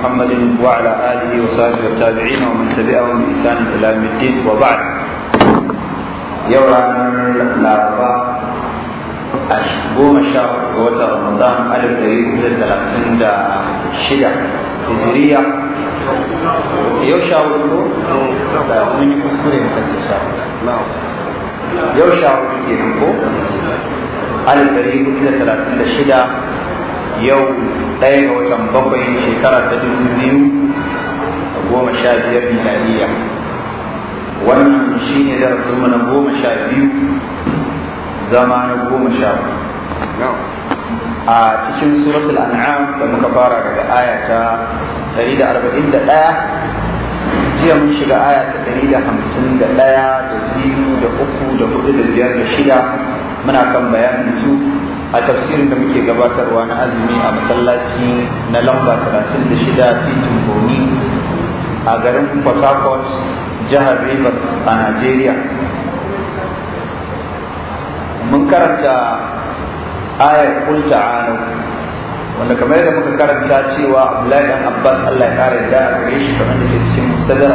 محمد وعلى اله وصحبه التابعين ومن تبعهم بإحسان الى يوم الدين وبعد يوم الاربعاء اشبوم الشهر قوت رمضان الف دليل من الثلاثين دا شدة هجرية يو شاور من يكسكرين الف دليل من الثلاثين دا شدة يوم ɗaya ga watan bakwai shekara ta dubu biyu da goma sha biyar miladiya wannan shi ne darasinmu na goma sha biyu zama na goma sha biyu. a cikin suratul an'am da muka fara daga aya ta ɗaya, jiya mun shiga aya ta 151 da biyu da uku da hudu da biyar da shida muna kan bayanin su a tafsirin da muke gabatarwa na azumi a masallaci na lamba 36 titin boni a garin port harcourt jihar rivers a Najeriya. mun karanta ayar kul wanda kamar yadda muka karanta cewa abdullahi dan abbas allah ya kare da a gare shi kamar da ke cikin mustadara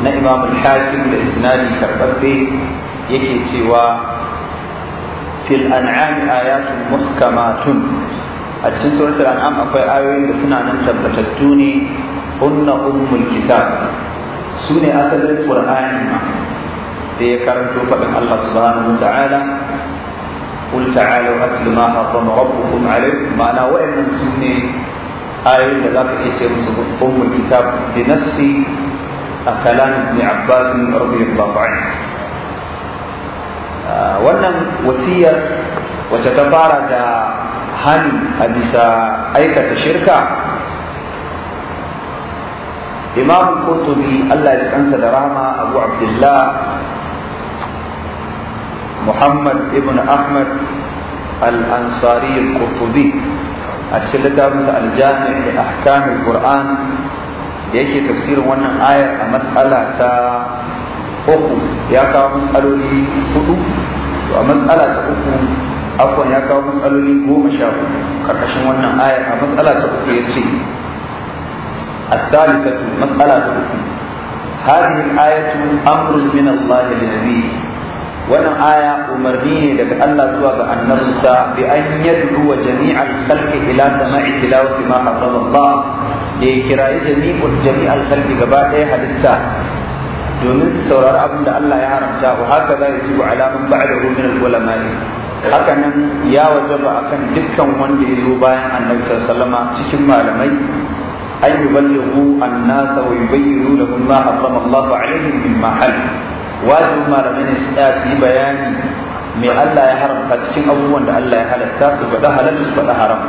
na imam al-hakim da isnadi karɓaɓɓe yake cewa fil an'am ayatun muhkamatun a cikin suratul an'am akwai ayoyin da suna nan tabbatattu ne hunna ummul kitab su ne asalin qur'ani ma sai ya karanto faɗin Allah subhanahu wa ta'ala قل تعالوا أتل ما حرم ربكم عليكم معنا وإن سنين آية ذاك إيسير أم الكتاب بنفس كلام ابن عباس رضي الله عنه Ah, wannan wasiyar wacce ta fara da hani a bisa aikata shirka imam qurtubi Allah ya kansa da Rahma abu abdullah muhammad ibn ahmad al-ansari al a cikin littafinsa aljami da ahkamin qur'an da yake tafsirin wannan ayar a matsala ta uku ya kawo matsaloli hudu to a matsala ta uku afwan ya kawo matsaloli goma sha hudu karkashin wannan aya a matsala ta uku ya ce الثالثة مسألة هذه الآية أمر من الله لنبيه wannan aya umarni ne daga Allah zuwa ga annabinsa bi an wa jami'al khalqi ila sama'i tilawati kirayi gaba ɗaya halitta domin saurari abin da Allah ya haramta wa haka za ya ji alamun ba'dahu min al-ulama'i haka nan ya wajaba akan dukkan wanda ya zo bayan annabi sallallahu cikin malamai an yuballighu an-nasa wa da lahum ma harrama Allah alaihim min mahal wajibin malamai ne su su yi bayani me Allah ya haramta cikin abubuwan da Allah ya halatta su faɗa halal su faɗa haram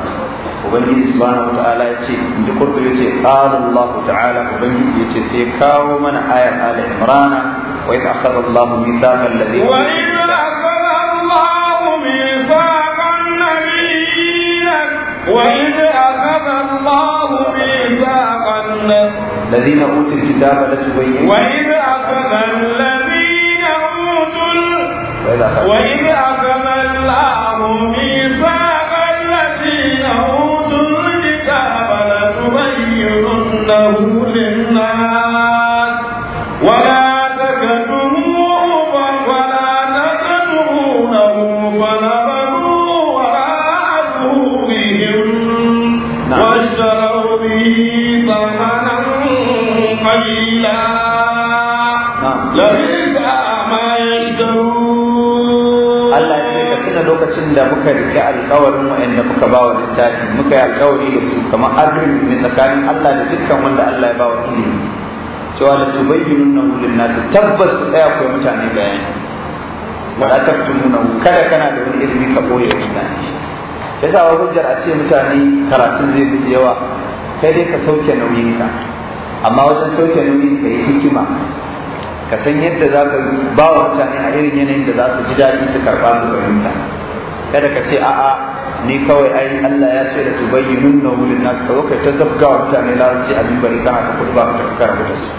ubangiji subhanahu ta'ala ya ce inda kurdu ya ce qala Allah ta'ala ubangiji ya ce sai kawo mana ayar ala imran wa idh akhadha Allah mithaqa alladhina wa idh akhadha Allah mithaqa an-nabiyina wa idh akhadha Allah mithaqa الذين اوتوا الكتاب لتبينوا وإذ أخذ الذين اوتوا وإذ أخذ الله ميثاق lokacin da muka rike alkawarin wa'anda muka ba wa littafi suka yi alkawari da su kamar agreement ne tsakanin Allah da dukkan wanda Allah ya ba wa ilimi cewa yi nuna wurin nasu tabbas su tsaya kuwa mutane bayani fi nuna kada kana da wani ilimi ka boye mutane sa wa hujjar a ce mutane karatun zai fi yawa kai dai ka sauke nauyin ka amma wajen sauke nauyin ka yi hikima ka san yadda za ka ba wa mutane a irin yanayin da za su ji daɗi su karɓa su fahimta kada ka ce a'a ni kawai ai Allah ya ce da tubayyinun na wulin nasu ka kai ta zabga wa mutane larabci a mimbari kana ka kudu ba ka karanta da su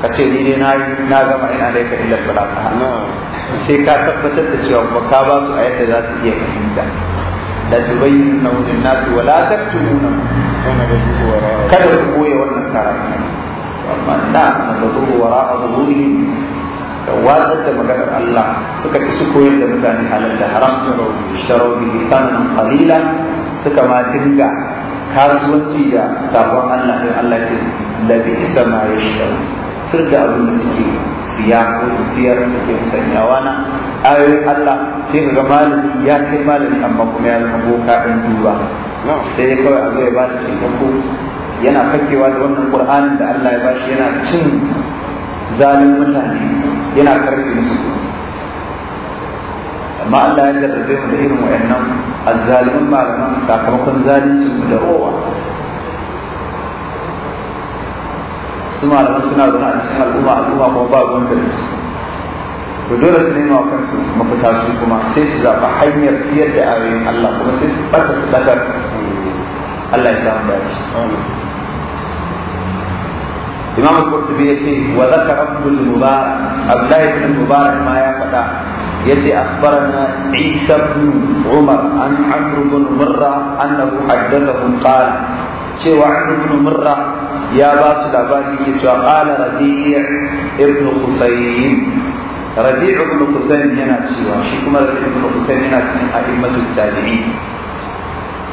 ka ce ni dai na na gama ina da ka illa balaka sai ka tabbatar da cewa ba ka ba su a yadda za su iya fahimta da tubayyinun na wulin nasu wala taktumuna kada ku koya wannan karatu amma na nazaru wara'a zuhurihim da watsar da maganar Allah suka ki su koyar da mutane halal da haram sharo bi thamanan qalila suka ma dinga kasuwanci da sabon Allah da Allah ce da bi isa ma yashau Sun da abin da suke siya ko su siyar suke musanyawa na ayoyin Allah sai ga malami ya kai malami amma kuma ya zama boka in duba sai ya kawai a zai ba da ku yana fakewa da wannan kur'anin da Allah ya bashi yana cin zalin mutane yana karfi musu amma Allah ya jarrabe mu da irin wayannan azzalimin malaman sakamakon zalunci mu da rowa su malaman suna zaune a cikin al'umma al'umma kuma ba ruwan da su to dole su nema wa kansu mafita su kuma sai su zaɓa hanyar fiyar da ayoyin Allah kuma sai su ɓata su ɓatar Allah ya samu dace imam al-qurtubi yace wa zakara ibn mubarak abdullah ibn mubarak ma ya fada yace akhbarana isa ibn umar an amr ibn murra annahu haddathahu qala cewa amr ibn murra ya ba su labari ke cewa qala rabi' ibn husayn rabi' ibn husayn yana cewa shi kuma rabi' ibn husayn yana cikin a'immatul tabi'in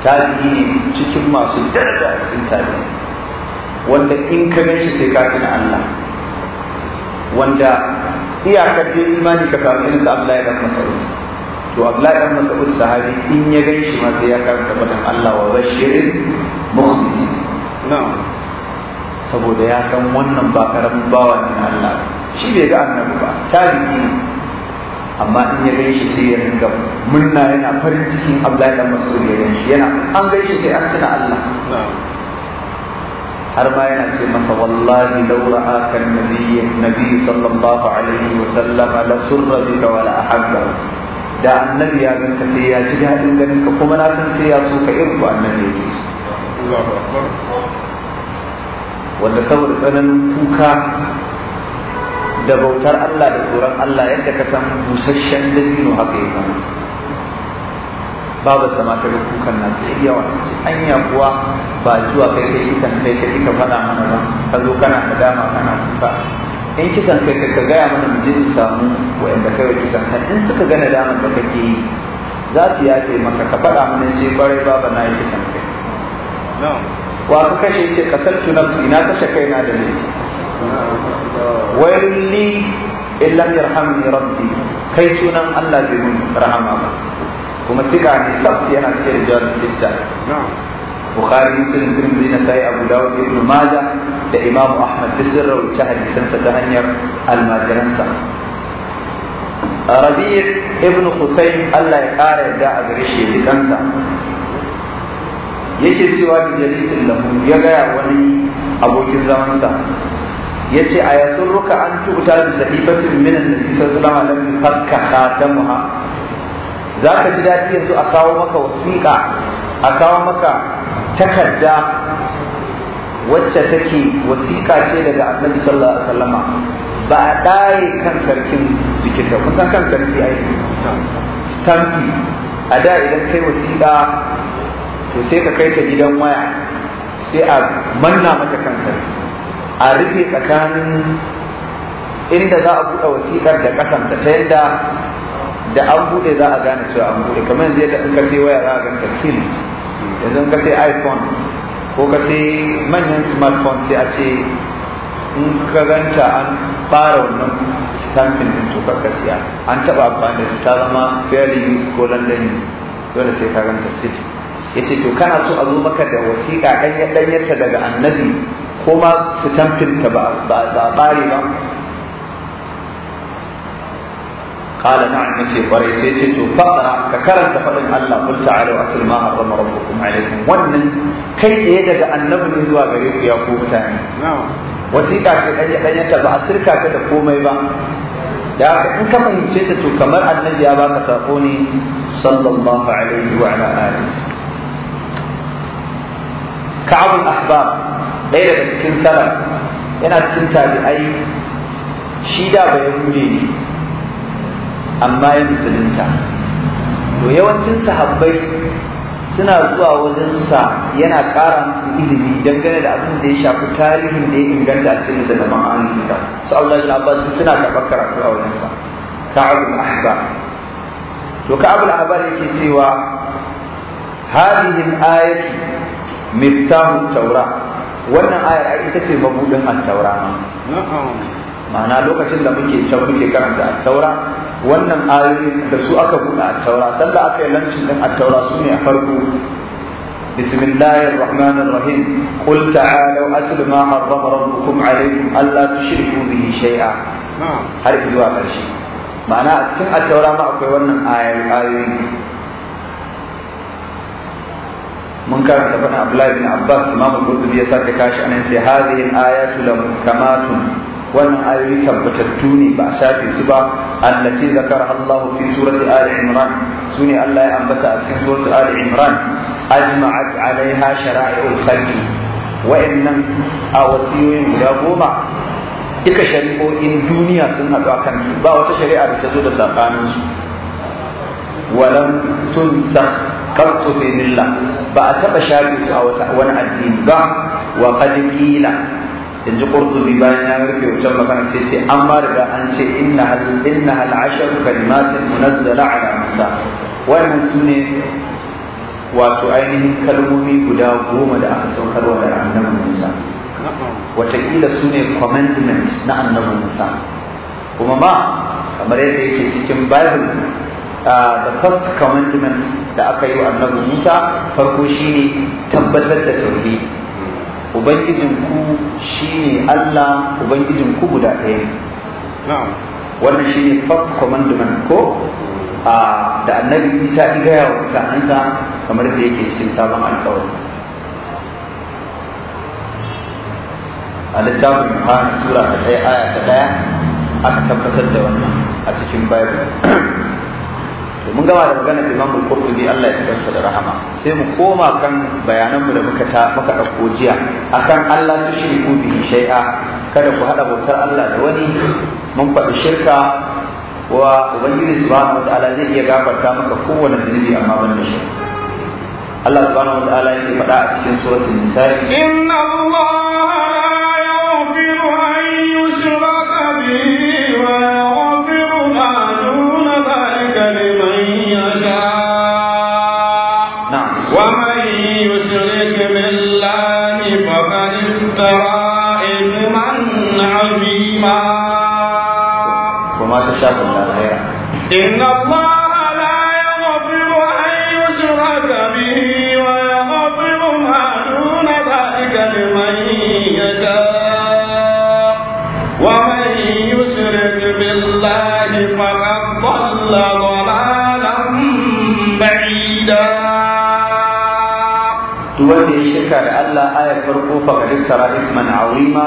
tabi'i cikin masu daraja cikin tabi'in wanda in ka gan shi sai ka tuna Allah wanda iyakar dai imani ka samu irin da Abdullahi masa wuce to Abdullahi dan Mas'ud sahabi in ya gan shi ma sai ya karanta badan Allah wa bashirin mukhlis na saboda ya san wannan ba karamin bawa ne na Allah shi bai ga annabi ba tabi'i ne amma in ya gan shi sai ya rinka murna yana farin cikin Allah ya Mas'ud masa wuce yana an gan shi sai an tuna Allah har ma yana ce masa wallahi laura aka nabi nabi sallallahu alaihi wa sallama la surra bika wa la ahabba da annabi ya ga ka ya ji dadin ganin ka kuma na san sai ya so ka annabi wanda saboda tsananin kuka da bautar Allah da tsoron Allah yadda ka san busasshen dabino haka ya zama babu sama ta kukan na sai yawa anya kuwa ba zuwa kai kai kisan kai kai ka faɗa mana ba ka zo kana dama kana kuka in kisan kai kai ka gaya mana mu je mu samu wa'anda kai wa kisan kai in suka gane dama da kake yi za su yafe maka ka faɗa mana ce kwarai baba na yi kisan kai wa ka kashe ce kasaltu ina na kashe kaina da laifi wayarli in lam yarhamni rabbi kai sunan Allah bai mun rahama ba kuma siga ne sabt yana cikin rijal sitta bukhari muslim tirmidhi nasai abu dawud ibn maja da imamu ahmad da sirra ta hadisansa ta hanyar almajiransa rabi'i ibn husayn Allah ya kara yarda a gare shi kansa yake cewa bi jalisin lahu ya gaya wani abokin zamansa ya ce a yasurruka an tubuta bi sahifatin min annabi sallallahu alaihi wasallam lam yufakka khatamuha za ka ji dadi yanzu a kawo maka wasiƙa a kawo maka takarda wacce take wasiƙa ce daga annabi sallallahu alaihi wasallama ba a ɗaye kan sarkin jikin ka kusan kan sarki ai stampi a da idan kai wasiƙa to sai ka kai ta gidan waya sai a manna mata kan a rufe tsakanin inda za a buɗe wasiƙar da ƙasanta ta yadda da an bude za a gane cewa an bude kamar yanzu yadda in kace waya za a ganta kin yanzu in kace sai iphone ko kace manyan smartphone sai a ce in ka ganta an fara wannan stampin din to ka siya an taba amfani da ta zama fairly use ko london dole sai ka ganta sai yace to kana so a zo maka da wasiƙa ɗanyar ɗanyarta daga annabi ko ma stampin ta ba ba ba ba qala na'am ce kwarai sai ce to faqra ka karanta faɗin Allah qul ta'alu atul ma harrama rabbukum alaykum wannan kai tsaye daga annabi ne zuwa gare ku ya mutane wasiƙa ce ɗanye ɗanye ba a sirka ta da komai ba da in ka fahimce ta to kamar annabi ya baka sako ne sallallahu alaihi wa ala alihi ka'ab al-ahbab ɗaya daga cikin tara yana cikin tabi'ai shi da bai rude ne amma ya musulunta to yawancin sahabbai suna zuwa wajensa yana ƙara musu ilimi dangane da abin da ya shafi tarihin da ya inganta a cikin da zaman an su Allah da Abbas suna karɓar karatu a wajensa da ahbar to ka'abul ahbar yake cewa hadhihi al-ayatu miftahu wannan ayar ai ita ce mabudin at-taura ma'ana lokacin da muke can muke karanta at-taura wannan ayoyi da su aka buɗe a taura sanda aka yi lancin din a taura su ne a farko بسم الله الرحمن الرحيم قل تعالوا أتل ما حرم ربكم عليكم ألا تشركوا به شيئا هل إزواء قرشي معنى أتسمع التوراة ما أقوي ونن آية آية من كان تبنى عبد الله بن عباس إمام القرطبي يسأل كاش أن هذه الآيات لمحكمات wannan ayoyi tabbatattu ne ba a shafe su ba allati zakara Allahu fi surati Ali Imran sune Allah ya ambata a cikin surati Ali Imran ajma'at alaiha shara'i'ul khalqi wa'annan a wasiyoyin guda goma duka shari'o'in duniya sun haɗu a kan ba wata shari'a da ta zo da sakanin su walam tunsakh fi ba a taɓa shafe su a wani addini ba wa qad qila yanzu ji qurtubi bayan ya rufe wucin magana sai ce an ba da an ce inna hal inna hal ashar kalimatin munazzala ala musa wannan sune wato ainihin kalmomi guda goma da aka saukarwa da annabi musa watakila su ne commandment na annabi musa kuma ma kamar yadda yake cikin bible the first commandment da aka yi wa annabi musa farko shine tabbatar da tauhidi ubangijin ku ne Allah ubangijin ku guda ɗaya ne wannan ne first commandment ko da annabi Isa ya gaya wa kamar da yake cikin sabon alƙawari a littafin fara sura ta ɗaya aya ta ɗaya aka tabbatar da wannan a cikin Bible to mun gama da maganar Imam Qurtubi Allah ya tabbata da rahama sai mu koma kan bayanan mu da muka ta muka dauko jiya akan Allah su shi ku bi shay'a kada ku hada bautar Allah da wani mun faɗi shirka wa ubangiji subhanahu wataala zai iya gafarta maka kowane zunubi amma ban da shi Allah subhanahu wataala yake faɗa a cikin suratul nisa inna Allah faɗi sara isman awima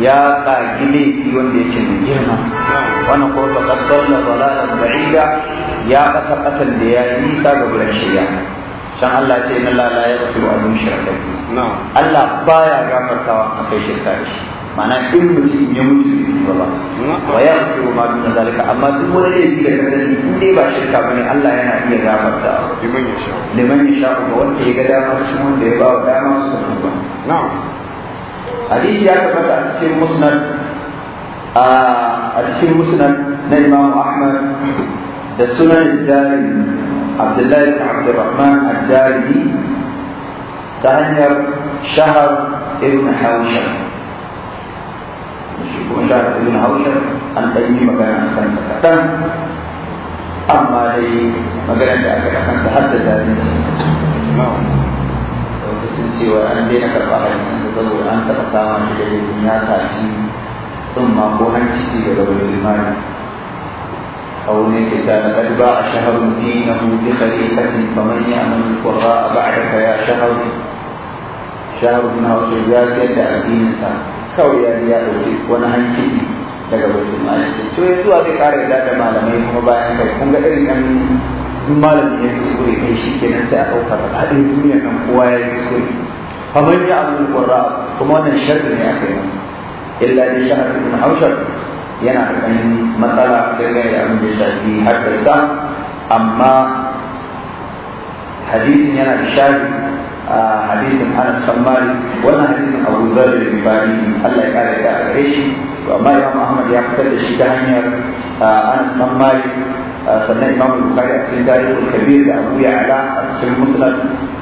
ya kagile yon da yake mai girma wani kuma kaddar da zalalar ba'ida ya kasa kasan da ya yi nisa ga gudan shirya san Allah ce na lalaya da su abin shirya Allah ba ya gafartawa a kai shirka shi ma'ana in mutum ya mutu da yi ba wa ya fi ruwa mutum na zalika amma duk wani ne yake da kasani in ne ba shirka ba ne Allah yana iya gafartawa liman ya sha liman ya sha ya gada damar shi da ya ba wa damar su ta na'am hadisi ya tabbata a cikin musnad a cikin musnad na Imam Ahmad da sunan Dari Abdullahi bin Abdurrahman Ad-Dari ta hanyar Shahar ibn Hawshab shi kuma Shahar ibn Hawshab an ɗan yi magana a kansa kaɗan amma dai magana da aka kansa har da Dari hadisin cewa an daina karɓa hadisin da saboda an taɓa kama shi da ya saci sun ma ko an cici daga wani a wani kita na ƙarba a shaharun fi na hudu kariƙatin kamar ya amin kurra a ba'adaka ya shaharun shaharun na ya siyar da addininsa kawai ya ya ɗauki wani hankali daga wani imani to yanzu a zai ƙara yadda da malamai kuma bayan kai irin duk malami ya yi kuskure kai shi kenan sai a ɗauka ba haɗin duniya kan kowa ya yi kuskure kamar ya abu qurra kuma wannan sharri ne aka yi masa illa in sha haushar yana da kan matsala dangane da abin da shafi haddarsa amma hadisin yana da shari a hadisin ana kan wannan hadisin Abu Dharr da Bari Allah ya kare da gare shi to amma Imam Ahmad ya fitar da shi ta hanyar Anas kan sannan imam bukari a cikin tarihin kabir da abu ya ala a cikin musnad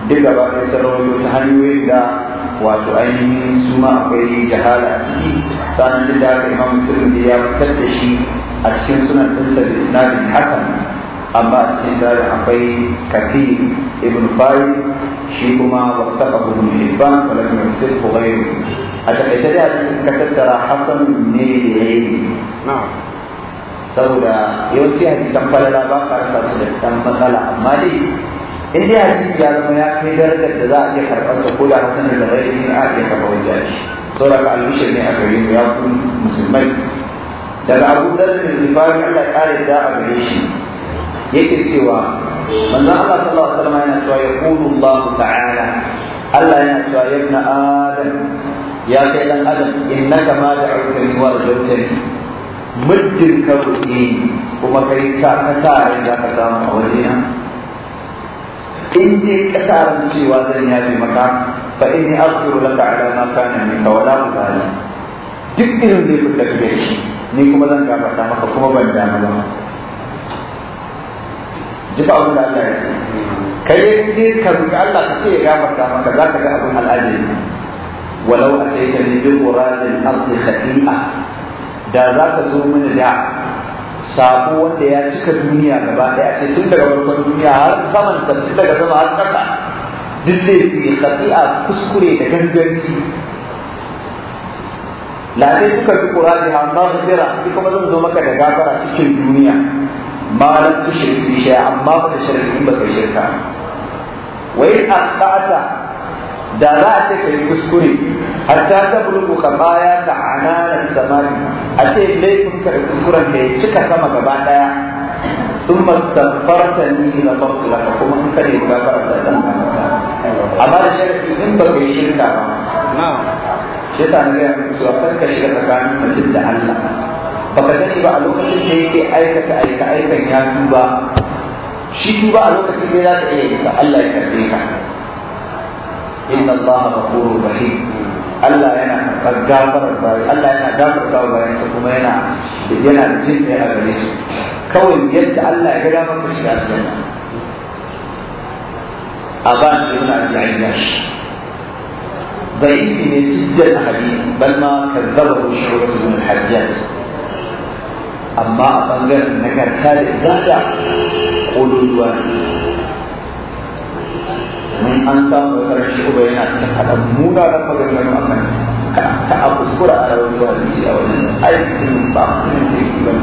duk gaba ɗaya sun ta hanyoyin da wato ainihin su ma akwai jahala a ciki sannan duk da haka imam da ya fitar da shi a cikin sunan ɗinsa da isnadin hakan amma a cikin tarihi akwai kafi ibn fari shi kuma ba, ibn hibban wala ibn ko ghayru a takaice da ka tattara hasan ne da ya yi saboda yawanci hadisan falala ba ka rasa su da dan matsala amma dai in ya hadisi ya zama ya kai darajar da za a iya karɓar sa ko da hasan da rai ne a ke kafa wajen shi saboda albishir ne a gari ya ku musulmai daga abu dalilin rifari Allah ya kare da a gare shi yake cewa manzo Allah sallallahu alaihi wasallam yana cewa yaqulu Allah ta'ala Allah yana cewa ya ibn adam ya kai dan adam innaka ma da'awtani wa rajawtani muddin ka kuɗi kuma kai sa ka sa ran za ka samu a waje nan? in dai ka sa ran cewa zan yafe maka fa inni aghfiru laka ala ma kana ka wala ubali duk irin zai da kake da shi ni kuma zan gafarta maka kuma ban dama ba ji ba abin da Allah ya ce kai dai ka roki Allah ka ce ya gafarta maka za ka ga abin al'ajabi ولو أتيت من بقران الأرض خطيئة da za ka zo mini da sako wanda ya cika duniya gaba daya ce tun daga farkon duniya har saman tafi daga sama har ƙasa duk zai fi a kuskure da ganganci lalle suka fi kura da ba su fira ni kuma zan zo maka da gafara cikin duniya malam tu shirki shi amma ba ta shirki ba kai shirka wai a asbata da za a ce ka yi kuskure hatta ta bulu ka baya ta ananan samari a ce laifin ka da kuskuren ka ya cika sama gaba daya sun mastafarta ni na bakkula ka kuma kuka kare ka fara da dan amma da sharafi in ba ka yi shirka ba shi ta na gaya muku cewa farka ka shiga tsakanin mutum da Allah ba ka sani ba a lokacin da yake aikata aika aikan ya duba shi duba a lokacin da za ta iya yi ka Allah ya karbe ka inna Allah ghafurur rahim Allah yana gafarar bayi Allah yana gafarta wa bayan sa kuma yana yana jin kai a gare su kawai yadda Allah ya ga maka shi aljanna aban ibn abi ayyash ضعيف جدا الحديث بل ما كذبه شعبة بن الحجاج أما أبنغر نكر ثالث ذات قولوا الواحد mun an samu karar shi uba yana ta faɗa munanan maganganu a kan ka a kuskura a rawar zuwa a wannan aikin ba kuma da yake ba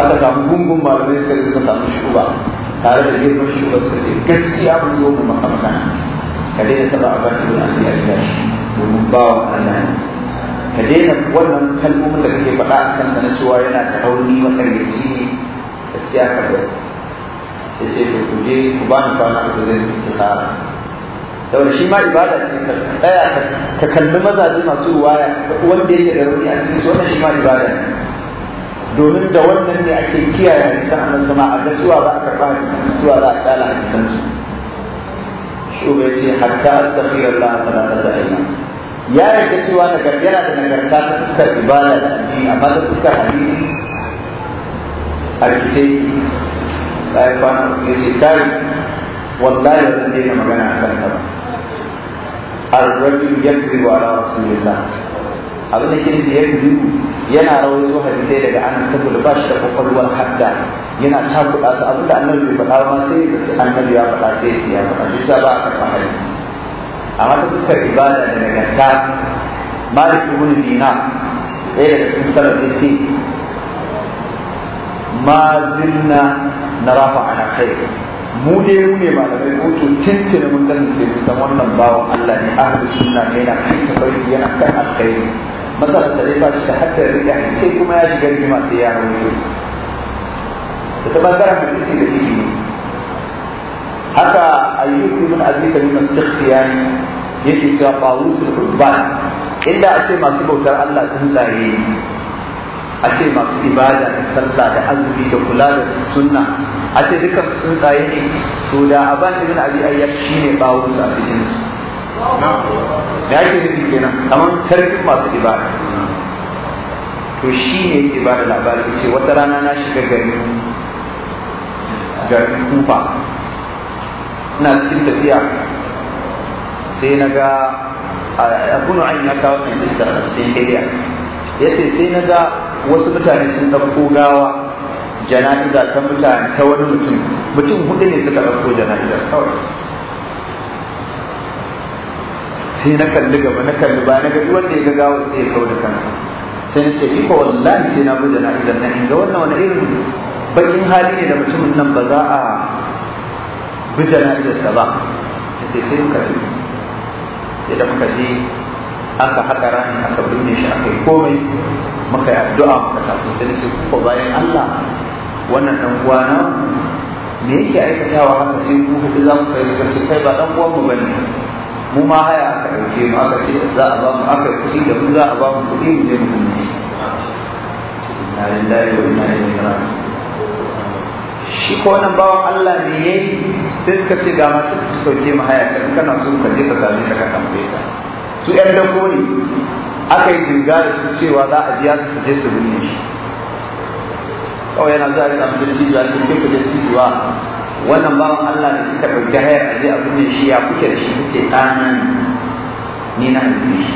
aka samu gungun malamai suka rika samu shuba tare da girman shuba suka ce gaskiya mun zo mu maka ka daina taɓa a bakin da Allah ya riga shi domin ba wa Allah ka daina wannan kalmomin da kake faɗa a kansa na cewa yana da rauni matsargaci ne gaskiya ka sai ku kuje ku ba ni kwana uku zai da wani shi ma ibada ce ka tsaya ka kalli mazaje masu ruwaya wanda yake da rauni a cikin wannan shi ma ibada ne domin da wannan ne ake kiyaye hadisan annabi sama a gasuwa ba a karɓa hadisan suwa za a kyala hadisan su shi ba ce hatta astaghfir Allah ta ayyam ya yarda cewa na yana da nagarta ta fuskar ibada da addini amma ta fuskar hadisi a rikice ta yi kwana ya ce kai wallahi ba zan daina magana a kan ta ba arrajul yakribu ala rasulillah abin da kirki biyar yi yana rawaito hadisai daga anas saboda ba shi da kwakwalwar hadda yana takuɗa su abinda annabi bai faɗa ma sai ya ce annabi ya faɗa sai ya ce ya faɗa duk ba a karɓa hadisi amma ta fuskar ibada da nagarta malik ibn dina ɗaya daga cikin salaf ya ce ma zinna na rafa ala khair mu dai mu ne malamai ko to tintina mun dan ce da wannan bawo Allah ne ahli sunna ne yana ta tafarki yana kan alkhairi matsalar da ba shi da hatta riga sai kuma ya shiga rigima sai ya rawaito da ta da shi da ilimi haka ayyuk ibn abi kalim al-sikhtiyani yake cewa bawo al ba inda a ce masu bautar Allah sun zaye a ce masu ibada da salla da azumi da kula da sunna a ce duka tsuntsaye ne to da aban ibn abi shi ne bawo su a cikin su da yake nufi kenan kamar tarihin masu ibada to shi ne yake ba da labari ce wata rana na shiga garin garin kufa ina cikin tafiya sai na ga abunu an ya kawo mai lissa sai dariya ya ce sai na ga wasu mutane sun ɗauko gawa jana'iza ta mutane ta wani mutum mutum hudu ne suka ɗauko jana'izar kawai sai na kalli gaba na kalli ba na gaji wanda ya ga gawa sai ya kawo da kansa sai na ce iko wallahi sai na bi jana'izar na inga wannan wani irin bakin hali ne da mutumin nan ba za a bi jana'izarsa ba ta ce sai muka je sai da muka je aka haƙa rani aka binne shi aka yi komai maka yi addu'a muka taso sai ce ko bayan Allah wannan dan na me yake aikatawa haka sai ku hudu za mu kai kace kai ba dan uwan mu bane mu ma haya aka dauke mu aka ce za a ba mu aka kuɗi da mu za a ba mu kuɗi mu je mu kunne inna lillahi wa inna shi ko wannan bawan Allah ne yayi sai suka ce ga masu sauke mu haya ta kana so ka je ka same ta ka tambaye ta su ƴan dabbobi aka yi jirga da su cewa za a biya su je su binne shi kawai yana zuwa a abin da shi zuwa da suke kudin wannan bawan Allah da suka ɗauki hayar a je a binne shi ya kuke da shi suke ɗanan ni na haife shi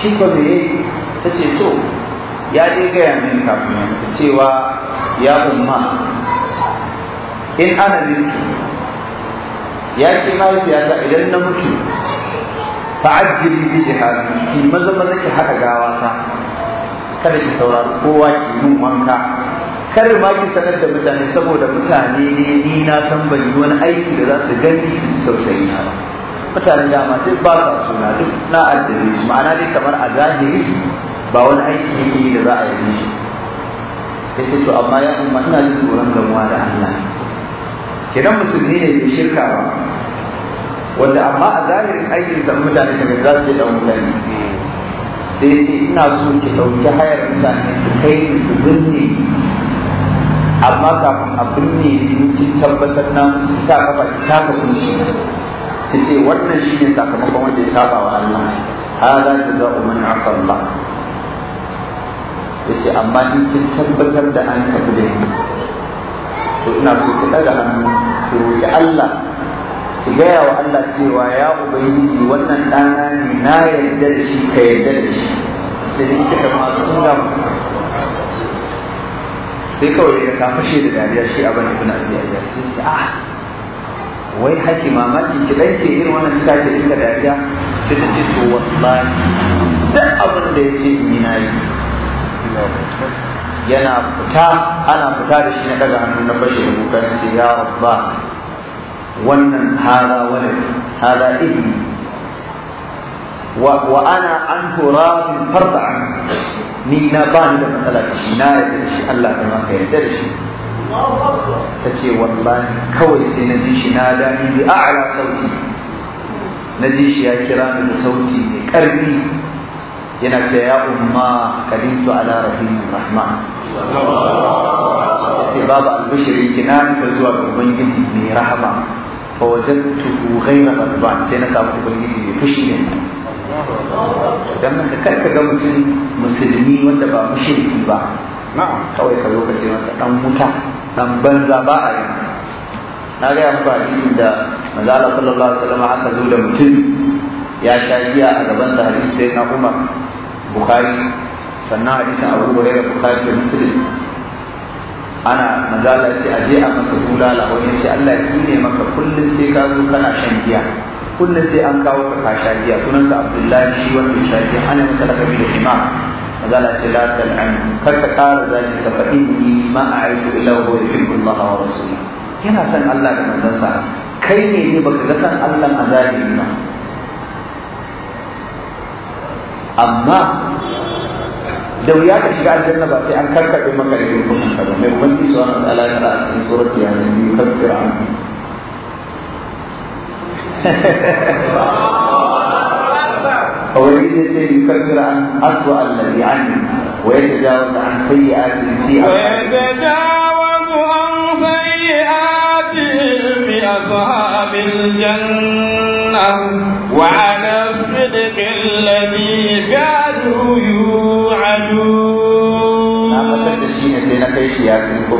shi ko me ta ce to ya je gaya min kafin ya mutu cewa ya umma in ana binki ya ce mahaifiyata idan na mutu fa'ajjili bi jihadi ki maza maza ki haɗa gawa ta kada ki saurari kowa ki yin wanka kar ma ki sanar da mutane saboda mutane ne ni na san ban yi wani aiki da za su gani sosai na mutane da ma duk ba sa suna duk na addini ma'ana dai kamar a zahiri ba wani aiki ne da za a yi shi ya ce to amma ya umma ina jin tsoron gamuwa da Allah kidan musulmi ne bai shirka ba wanda amma a zahirin aikin da mutane da za su da dan mutane sai ce ina so ki ɗauki hayar mutane su kai ni su binne amma kafin a binne ki tabbatar na ki sa kafa ki taka shi. ta ce wannan shi ne sakamakon wanda ya saba wa Allah hada jaza'u man afalla ya ce amma in kin tabbatar da an tafi da ni to ina so ki ɗaga hannu ki roƙi Allah Ku gaya wa Allah cewa ya ubangiji wannan ɗana ne na yarda da shi ka yarda da shi sai da kika masu tura sai kawai da ka fashe da dariya shi abin da kuna iya ya sai ce a ah, wai haki mamaki ki dan ke irin wannan kika ɗin inda dariya sai ta ce to wallahi duk abin da ya ce ni na yi yana fita ana fita da shi na daga hannu na fashe da kokarin sai ya rabba wannan hada walad hada ibni wa ana an turafin farda ni na ba ni da matsala da shi na yarda da shi Allah ta maka yarda da shi ta ce wallahi kawai sai na ji shi na dani bi a'la sauti na ji shi ya kira ni da sauti mai karfi yana ce ya umma kalintu ala rahim rahman sai babu albashiri kina ta zuwa ga ubangiji mai rahama fa wajadtu ghayra ghadban sai na samu ubangiji mai fushi ne dan da kar ka ga mutum musulmi wanda ba mushriki ba na'am kawai ka lokaci masa dan muta dan banza ba a yi na ga muku hadisin da manzo sallallahu alaihi wasallam aka zo da mutum ya sha giya a gaban da hadisi sai na Umar Bukhari sannan hadisin Abu Hurairah Bukhari da Muslim ana manzala ce a je a masa bulala wani ya ce Allah ya ne maka kullum sai ka zo kana shan giya kullum sai an kawo ka kasha giya sunansa Abdullahi shi wanda ya shafi ana masa lakabi da imam manzala ce la an kar ka kara zani ka fa inni ma a'rifu illa huwa yuhibbu Allah wa rasuluhu yana san Allah da manzansa kai ne ne baka ga san Allah azabi ba amma da wuya ka shiga aljanna ba sai an karkaɗe maka da gurbin ka ba mai ubangi su wani ta'ala ya ra'a cikin surati ya zai yi kafira an أولئك الذين يكفر عن أسوأ الذي عنه ويتجاوز عن سيئاته في أعماله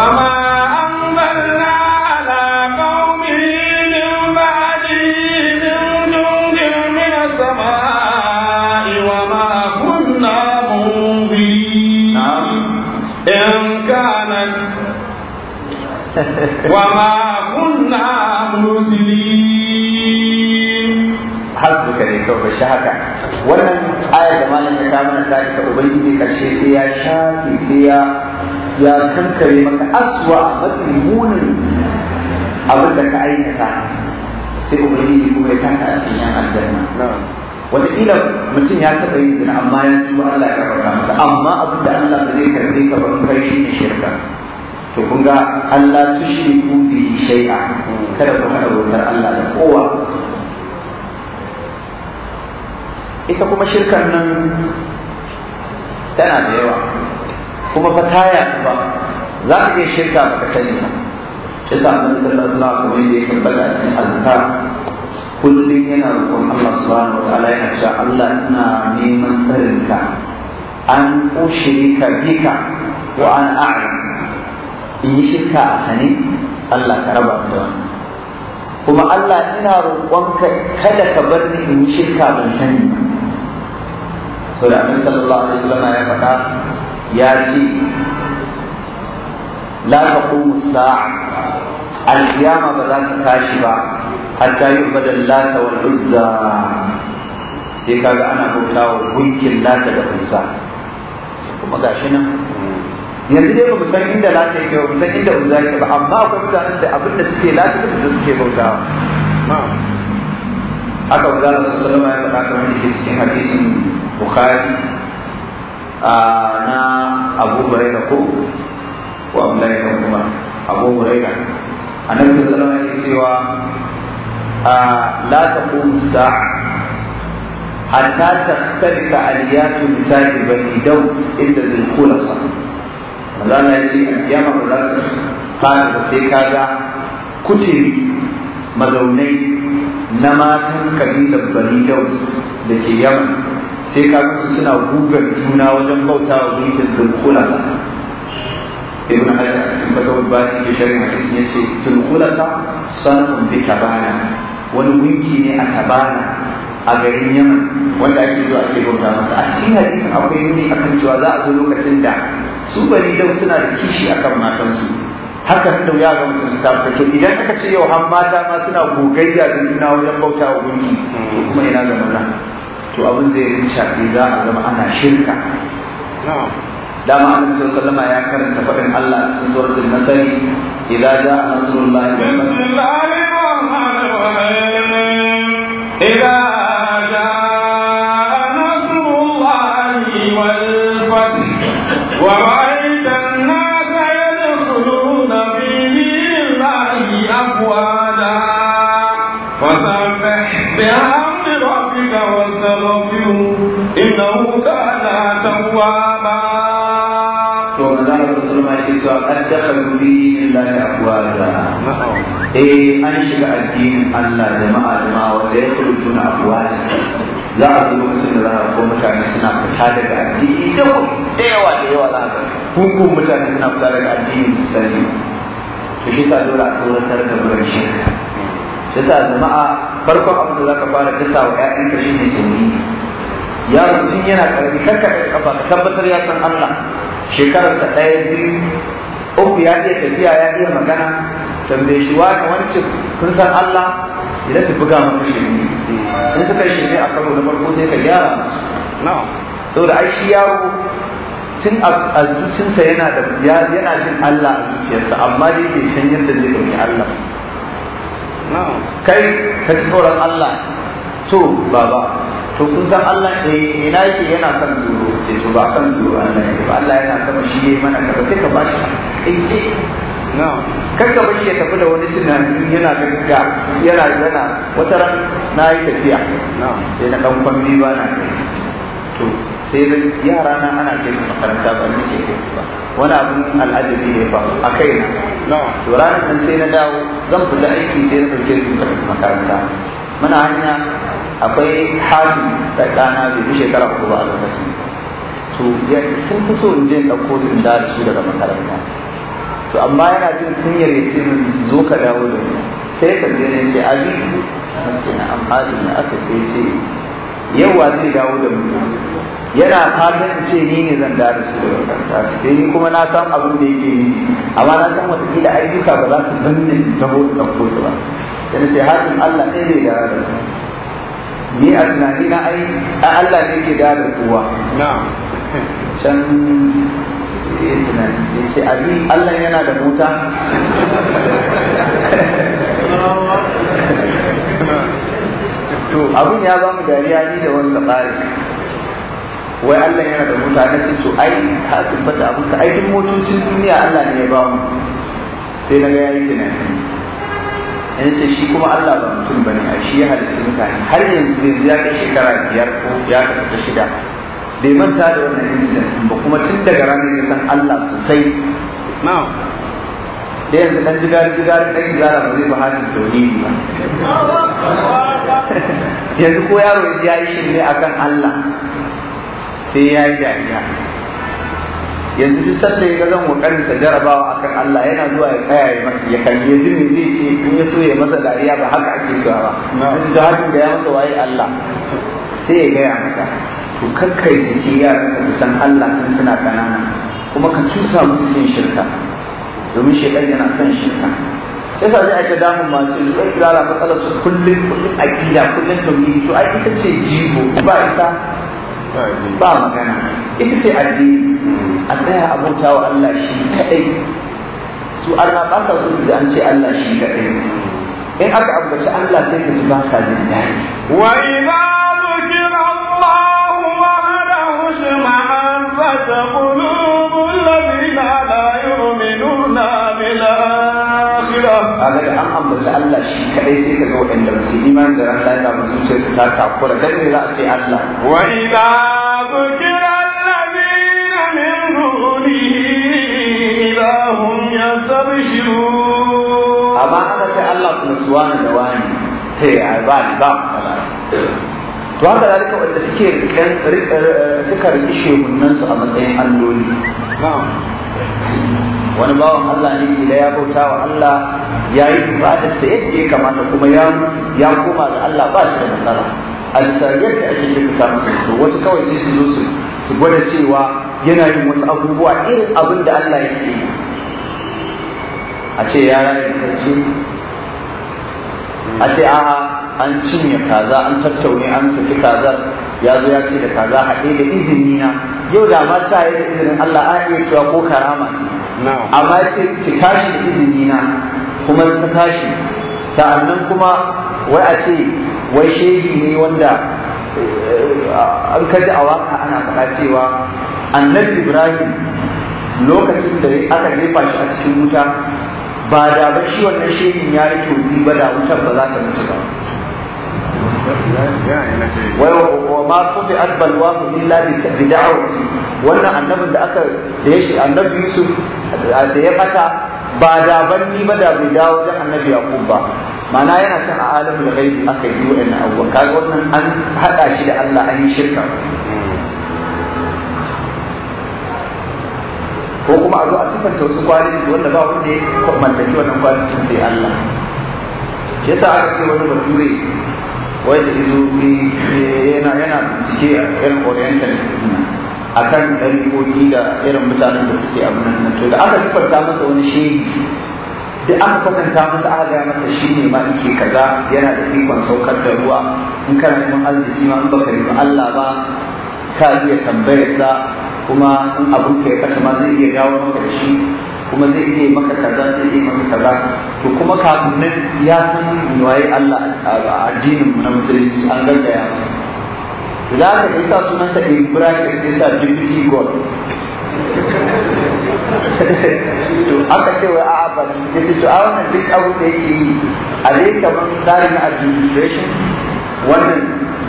وما أنزلنا على قومه من بعده من جند من السماء وما كنا منزلين إن كانت وما كنا مرسلين حسبك لكوك شهكا wannan ayar da malam ya kawo mana ta ubangiji karshe sai ya shafi sai ya ya kankare maka aswa mafi munin abin da ka aikata sai ubangiji kuma ya taka a cikin yan aljanna wataƙila mutum ya taɓa yi zina amma ya ci tuba Allah ya karɓa masa amma abin da Allah ba zai karɓe ka ba in kai shi ne shirka to kun ga Allah shi tushriku bi shay'a kada ku hada bautar Allah da kowa ita kuma shirkar nan tana da yawa kuma fa taya ba za ka iya shirka ba ka sani ba yasa annabi sallallahu alaihi wasallam kuma yake tabbata a cikin azkar kullum yana roƙon Allah subhanahu wa ta'ala yana cewa Allah ina neman tsarinka an ushrika bika wa an a'lam in yi shirka a sani Allah ka raba da wannan kuma Allah ina roƙon ka, kada ka bar ni in yi shirka ban sani ba saboda annabi sallallahu alaihi wasallam ya faɗa ya ce la taqumu sa'a al-qiyama ba za ta tashi ba hatta yubada lata wa uzza sai kaga ana bautawa gunkin lata da uzza kuma shi nan yanzu dai ba san inda lata yake ba san inda uzza yake ba amma akwai mutanen da abin da suke lata da suke bautawa haka wanda Allah sallallahu alaihi ya faɗa kamar ke cikin hadisin Bukhari na abu huraira ko ko abdullahi ya kuma abu huraira annabi sallallahu alaihi wasallam cewa la taqumu sa'a hatta tastarika aliyatu misali bani daus inda bil khulasa manzo Allah ya ce kiyama ba za fara da sai kaga kutiri mazaunai na matan kabilar bani daus da ke yaman sai ka su suna gugar juna wajen bauta wa gunkin tulkulasa ibn hajar a cikin fatawar bayan ke shari'a hadisin ya ce tulkulasa sanarun bi tabana wani gunki ne a tabana a garin yaman wanda ake zuwa ake bauta masa a cikin hadisin akwai nuni akan cewa za a zo lokacin da su bari dau suna da kishi akan matansu haka da ya ga mutum su tafi to idan aka ce yau har mata ma suna gogayya da juna wajen bauta wa gunki to kuma ina ga maza to abin da ya shafi za a zama ana shirka dama an sallallahu sallama ya karanta faɗin Allah sun cikin da nasr idza jaa nasrullahi wal an shiga addinin Allah jama'a jama'a wanda ya kudu tuna ne za a zo lokacin da za a ko mutane suna fita daga addini da da yawa da yawa za a hukun mutane suna fita daga addini su sani to shi sa dole a tsoratar da wurin shi shi sa jama'a farkon abin da za ka fara kisa wa 'ya'yanka shi ne tauhidi ya tun yana karfi karka da kafa ka tabbatar ya san Allah shekararsa ɗaya biyu uku ya iya tafiya ya iya magana tambaye shi wa ka wancin kun san Allah idan ka buga maka shi in suka yi shirme a karo na farko sai ka gyara musu saboda ai shi yaro tun a zuciyarsa yana da yana jin Allah a zuciyarsa amma dai ke san yadda zai dauki Allah kai ka ci tsoron Allah to baba to kun san Allah eh ina yake yana kan zuru ce to ba kan zuwa. Allah ne ba Allah yana kan shi yayi mana kaza sai ka bashi in ce kakka bashi ya tafi da wani tunanin yana gagga yana yana wata ran na yi tafiya sai na dan kwambi ba na kai to sai da yara na ana kai su makaranta ba nake kai su ba wani abin al'ajabi ne ba a kai na to ranar nan sai na dawo zan fita aiki sai na ɗauke su makaranta muna hanya akwai hajji da ɗana bai fi shekara ko ba a lokacin to sun fi so in je in ɗauko su da su daga makaranta to amma yana jin kunyar ya ce zo ka dawo da sai ka je ne ce abi ake na amma na aka sai ce yawa zai dawo da mu yana fatan ce ni ne zan da su da kanta sai ni kuma na san abin da yake yi amma na san wata kila ayyuka ba za su danne taho da ko su ba sai ce hakin Allah ɗaya zai dawo da ni a tunani na ai Allah ne ke dawo da kowa na'am can ya tunani ya ce abi Allah yana da mota to abun ya ba mu dariya ni da wani labari wai Allah yana da mota na ce to ai ka tabbata abun ka ai duk motocin duniya Allah ne ya ba mu sai na ga yayi tunani in ce shi kuma Allah ba mutum bane shi ya halitta mutane har yanzu yanzu ya kai shekara biyar ko ya kai ta shida bai manta da wannan incident ba kuma tun daga ranar da san Allah sosai na'am da yanzu dan jigar jigar dan jigar ba zai bahajin tauhidi ba yanzu ko yaro ya yi shirme akan Allah sai ya yi dariya yanzu duk sanda ya zan kokarin sa jarabawa akan Allah yana zuwa ya tsaya ya masa ya kalle jin me zai ce in ya so ya masa dariya ba haka ake so ba da da ya masa waye Allah sai ya gaya masa to kakkai sake yaran ka san Allah sun suna kanana kuma ka cusa musu yin shirka domin shekar yana son shirka sai sa zai ake damun masu zuwa kirara matsalar su kullum kullum gida kullum tauhidi to a ita ce jigo ba ita ba magana ita ce addini a tsaya abota wa Allah shi kadai su arna ba sa su an ce Allah shi kadai in aka ambaci Allah sai ka ji ba sa jin daɗi wa قسوات قلوب الذين لا يؤمنون بالآخرة هذا da an ambata Allah shi kadai sai ka ga waɗanda ba su iman da Allah ya ba su sai su ta takura dan ne za a ce Allah wa idza dhukira alladhina min dunihi Allah kuma suwana da wani sai ba ba to haka zalika wanda suke rikan suka riki shehunan su a matsayin alloli wani bawan Allah ne da ya bauta wa Allah ya yi ibada sa yadda ya kamata kuma ya ya koma ga Allah ba shi da matsala a bisa yadda ake kika samu to wasu kawai sai su zo su su gwada cewa yana yin wasu abubuwa irin abin da Allah yake yi a ce ya rayar a ce a'a an cinye kaza an tattaune an saki kazar ya zo ya ce da kaza haɗe da izini na yau da ma sa ya da izinin Allah an iya cewa ko karama ce amma ce ki tashi da izini na kuma ta tashi sa'annan kuma wai a ce wai shehi ne wanda eh, an kaji a waka ana faɗa cewa annabi ibrahim lokacin da aka jefa shi a cikin wuta ba da ba shi wannan shehin ya yi tobi ba da wutar ba za ta mutu ba wa ma kufi adbal wa illa bi da'awati wannan annabin da aka da yashi annabi Yusuf da ya bata ba da banni ba da bai dawo da annabi Yaqub ba ma'ana yana can a alamul ghaibi aka yi wannan abubuwan kaga wannan an hada shi da Allah an yi shirka ko kuma a zo a sifanta wasu kwanin wanda ba wanda ya mallaki wannan kwaliti sai Allah yasa aka ce wani bature wanda izo yana yana bincike a irin oriental a kan ɗariƙoƙi da irin mutanen da suke abin nan to da aka siffanta masa wani shi da aka kwatanta masa aka gaya masa shi ne ma ke kaza yana da ikon saukar da ruwa in kana neman arziki ma in baka nemi Allah ba ka iya tambayarsa kuma in abin ka ya kasa ma zai iya dawo maka da shi kuma zai iya maka kaza zai iya maka kaza to kuma kafin nan ya san waye Allah a addinin na musulunci an gargaya za ka isa ta Ibrahim bracket isa jibiti god to aka ce wai a'a ba ya ce to a wannan duk abu da yake yi a dai kamar tsarin administration wannan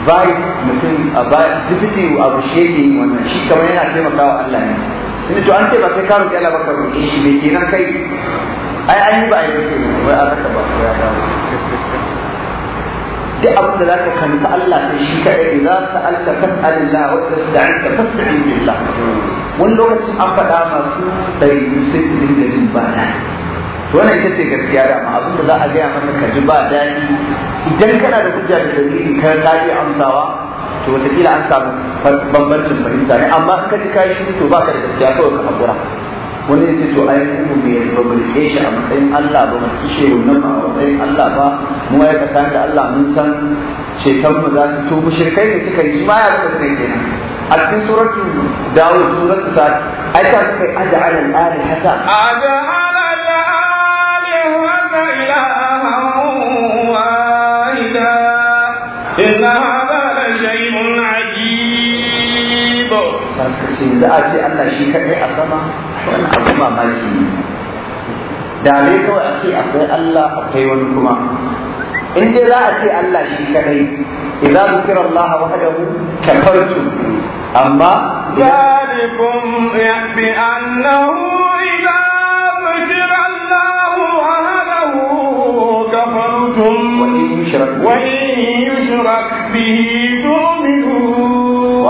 bai mutum a bai jibiti abu shege wannan shi kamar yana taimakawa Allah ne Ina to an ce ba sai ka roƙi Allah ba ka roƙe shi me kenan kai ai an yi ba a yi ba kenan wai a zaka ba su ya dawo duk abin da zaka kanta Allah ta shi kadai idza sa'alta fas'alillah wa tasta'inta fasta'in billah wani lokacin an faɗa masu ɗari biyu sai su dinga jin ba wannan ita ce gaskiya da amma abin da za a gaya maka ka ji ba daɗi idan kana da hujja da dalili ka kare amsawa to wataƙila an samu bambancin fahimta ne amma ka ji kayi shi to baka da gaskiya kawai ka hakura wani ya ce to ai mu ba mu rike shi a matsayin Allah ba mu kishe wannan ba a matsayin Allah ba mu ya kasa da Allah mun san ceton mu za su to shirkai ne suka yi ma ya suka sai kenan a cikin suratul dawud suratul sa'd ai ta suka yi aja'al al-alihata aja'al al-alihata ila sai za a ce Allah shi kaɗai a sama wani abu mamaki ne da dai kawai a ce akwai Allah akwai wani kuma in dai za a ce Allah shi kaɗai idan zukira Allah wahdahu kafartu amma ذلكم بأنه إذا ذكر الله وحده كفرتم وإن يشرك به تؤمنون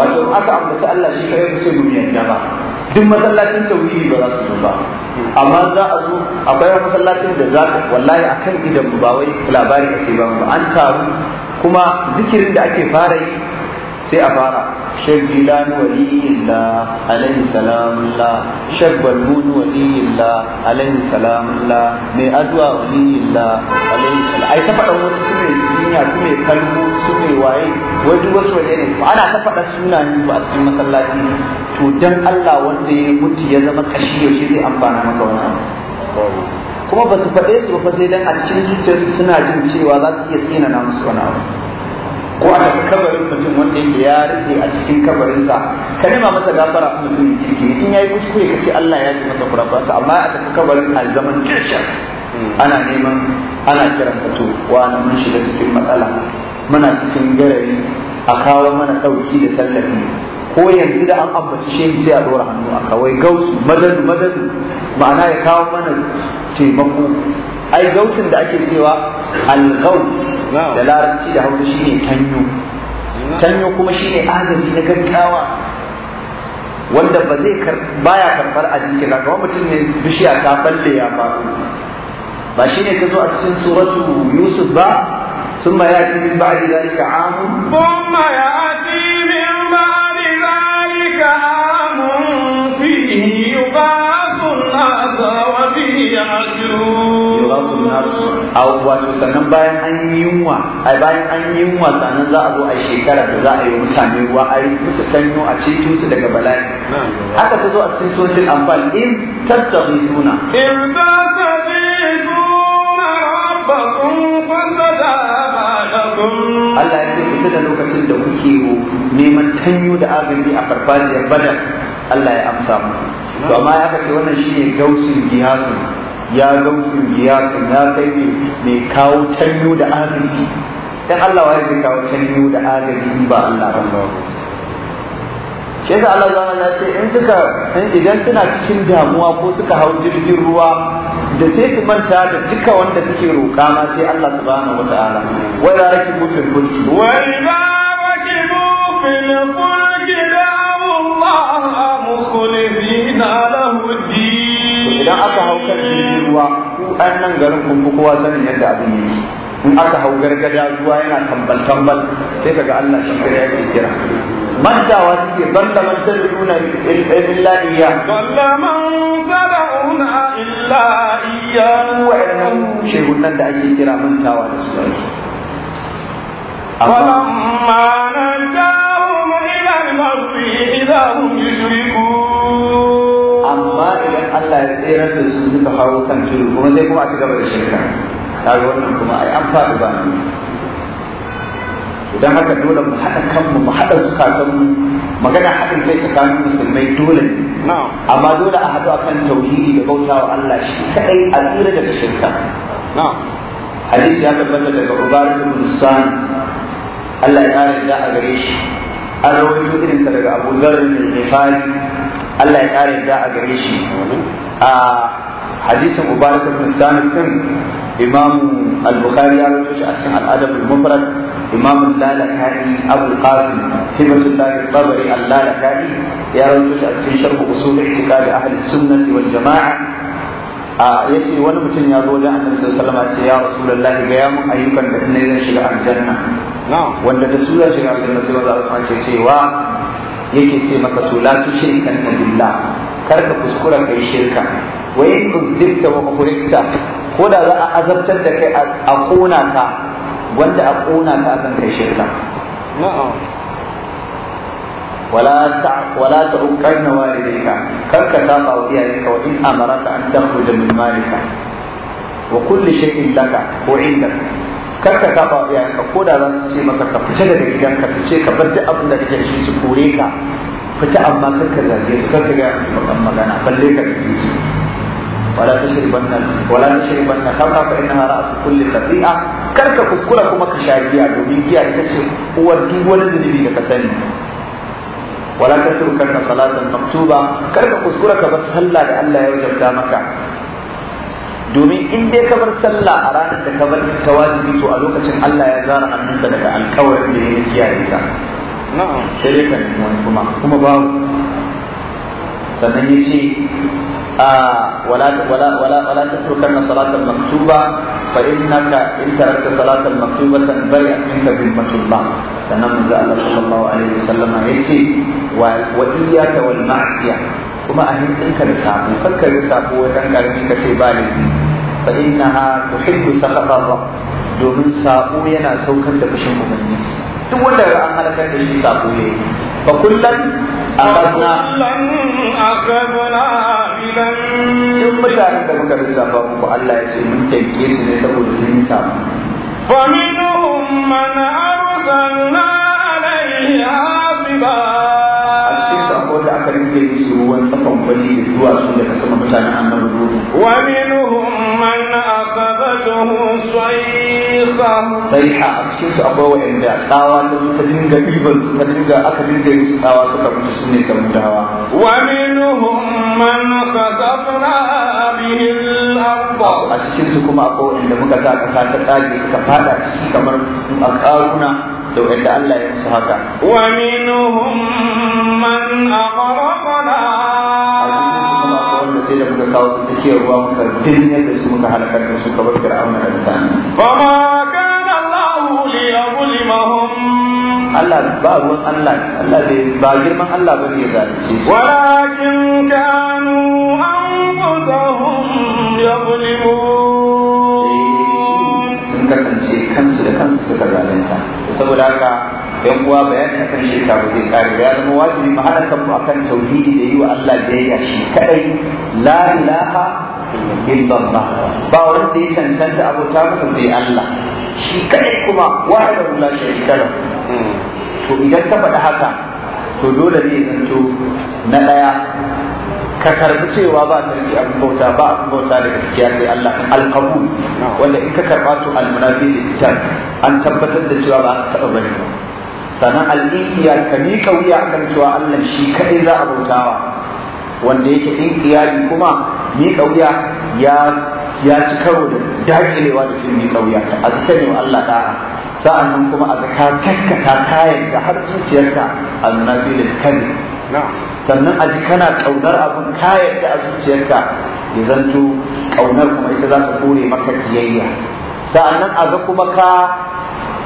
wato aka ambaci Allah shi kai mu ce mu ba duk masallacin tauhidi ba za su zo ba amma za a zo akwai masallacin da za wallahi akan idan mu ba wai labari ake ba mu an taru kuma zikirin da ake fara yi sai a fara شيخ جيلان ولي الله عليه السلام الله شيخ بلمون ولي الله عليه السلام الله مي أدوى ولي الله عليه السلام أي تفعل وسمي الدنيا سمي كلمو سمي واي وجو وسوى لينك وأنا تفعل سنة نيبا أسلم مسلاتي to dan Allah wanda ya mutu ya zama kashi yaushe zai amfana maka wani abu kuma ba su faɗe su ba sai dan a cikin zuciyarsu suna jin cewa za su iya tsina na musu wani ko a tafi kabarin mutum wanda yake ya rufe a cikin kabarinsa ka nema masa gafara a mutum kirki in ya yi kuskure ka ce Allah ya ji masa kurafansa amma a tafi kabarin alzaman kirshar ana neman ana kiran ka wani mun shiga cikin matsala muna cikin garari a kawo mana ɗauki da tallafi ko yanzu da an ambaci shehu sai a ɗora hannu a kawai gausu madadu madadu ma'ana ya kawo mana taimako ai gausin da ake cewa al alghaus da larabci da hausa ne tanyo tanyo kuma shine agaji na gaggawa wanda ba zai baya karbar a jikin ka kuma mutum ne bishiya ta balle ya faru ba shine ta zo a cikin suratu yusuf ba ثم يأتي من بعد ذلك عام ثم يأتي wato sannan bayan an yi yunwa ai bayan an yi yunwa sannan za a zo a shekara da za a yi mutane ruwa a yi musu sanyo a ceto su daga bala'i haka ta zo a cikin sojin amfani in suna in tattaghithuna rabbakum da Allah ya ce kusa da lokacin da kuke neman tanyo da agaji a farfajiyar badar Allah ya amsa mu to amma ya kace wannan shine gausin jihazu ya gamsu ya ya kai mai kawo canyo da agaji dan Allah wa yake kawo canyo da agaji ba Allah ba shi yasa Allah zama ya ce in suka idan suna cikin damuwa ko suka hau jirgin ruwa da sai su manta da duka wanda suke roƙa ma sai Allah subhanahu wataala wata ala rakibu fil fulki wa idza rakibu fil fulki da'u Allah mukhlisina lahu din idan aka ruwa ku an nan garin kun fi kowa sanin yadda abin yi in aka hau gargada ruwa yana tambal tambal sai kaga Allah shi kare yake kira mantawa suke balla da tadruna illa iya balla man tadruna illa iya wa'annan shehunan da ake kira mantawa da su فلما نجاهم إلى البر إذا هم يشركون Allah ya tsere da su suka hawo kan tudu kuma sai kuma a ci gaba da shirka ga wannan kuma ai an faɗi ba nan idan haka dole mu haɗa kanmu mu haɗa zukatanmu magana haɗin kai tsakanin musulmai dole ne amma dole a haɗu akan tauhidi da bautawa Allah shi kadai a tsira daga shirka hadisi ya tabbata daga ubarat ibn sani Allah ya yi da a gare shi an rawaito irinsa daga Abu Dharr bin Ghifari Allah ya kare da a gare shi a hadisin mubarak ibn sami din imam al-bukhari ya rubuta shi a cikin al-adab al-mufrad imam al-lalaka'i abu qasim hibatullah al-tabari al-lalaka'i ya rubuta shi a cikin sharh usul i'tiqad ahli sunnah wal jama'a a yace wani mutum ya zo wajen annabi sallallahu alaihi wasallam ya rasulullah ga ya mun ayyukan da ne zan shiga aljanna wanda da su zan shiga aljanna sai manzo sallallahu alaihi wasallam ce cewa yake ce masa to la tushrika billah karka kuskura kai shirka wa in kuzibta wa kufurta ko da za a azabtar da kai a kona ka wanda a kona ka kan kai shirka karka ta ولا تعقن والديك كرك amara ka an أمرك min malika wa kulli shay'in laka wa inda. karka ka ba iyayenka ko da za su ce maka ka fice daga gidanka fice ka bar duk abin da kake shi su kore ka fita amma karka zage su karka ga su bakan magana balle ka kike su wala tashribanna wala tashribanna khamra fa innaha ra'su kulli khati'a ka kuskura kuma ka sha giya domin giya ita ce uwar duk wani zunubi da ka sani wala tatrukanna salatan maktuba ka kuskura ka bar sallah da Allah ya wajabta maka domin in dai ka bar sallah a ranar da ka bar ta wajibi to a lokacin Allah ya zara hannunsa daga alkawarin da ya kiyaye ka sai dai wani kuma kuma babu sannan ya ce a wala ta sokar na salatar maktuba fa inna ka in tarakta salatar maktuba ta bari a in ka bin maktuba sannan mun ga Allah sallallahu alaihi wasallam ya ce wa iyyaka wal kuma a hin ka da sabo kakka da sabo wajen karbi kace ba ne fa innaha tuhibbu sakhata domin sabo yana saukar da fushin ubangiji duk wanda ga an halakar da shi sako ne fa kullan akadna akadna bilan duk mutanen da muka rasa ba ku Allah ya ce mun tanke su ne saboda sun yi fa minhum man arsalna hasiba a cikin da aka rike su ruwan tsafan bali da zuwa su daga sama mutane annabi wa minhum man riba sariha a cikin su akwai wa'anda tsawa ta zo ta dinga su ta dinga aka dinga yin tsawa suka mutu su ne samudawa wa minhum man khasafna bihi al-ardh a cikin su kuma akwai wa'anda muka sa ka ta tsage suka fada ciki kamar a da wa'anda Allah ya musu haka wa minhum man aghraqna kawo su ta ciyar ruwa muka dinya da su muka halakar da su ka bar fir'auna da mutane ma kana Allahu li yuzlimahum Allah ba ruwan Allah Allah da ba girman Allah bane ya zalunce su walakin kanu anfusahum yuzlimun eh, sun kasance kansu da kansu suka zalunta saboda haka yan uwa bayan akan shirka ba zai kare ya zama wajibi mu hada kan akan tauhidi da yi wa Allah biyayya shi kadai la ilaha illallah ba wanda ya cancanta abota masa sai Allah shi kadai kuma wahdahu la sharika lahu to idan ka faɗi haka to dole ne zanto na ɗaya ka karbi cewa ba sarki abin bauta ba abin bauta da gaskiya sai Allah alqabul wanda in ka karba to almunafiqin an tabbatar da cewa ba ka taɓa bari. ba sannan al'inkiya ka miƙa wuya akan cewa Allah shi kaɗai za a bautawa wanda yake inkiyari kuma miƙa wuya ya ya ci karo da dakilewa da cikin miƙa wuya a cikin ne Allah da'a sa'annan kuma a zaka kakkata kayan da har zuciyarka a nuna filin kare sannan a kana ƙaunar abin kayan da a zuciyarka ya zanto ƙaunar kuma ita za ta kore maka kiyayya sa'annan a ga kuma ka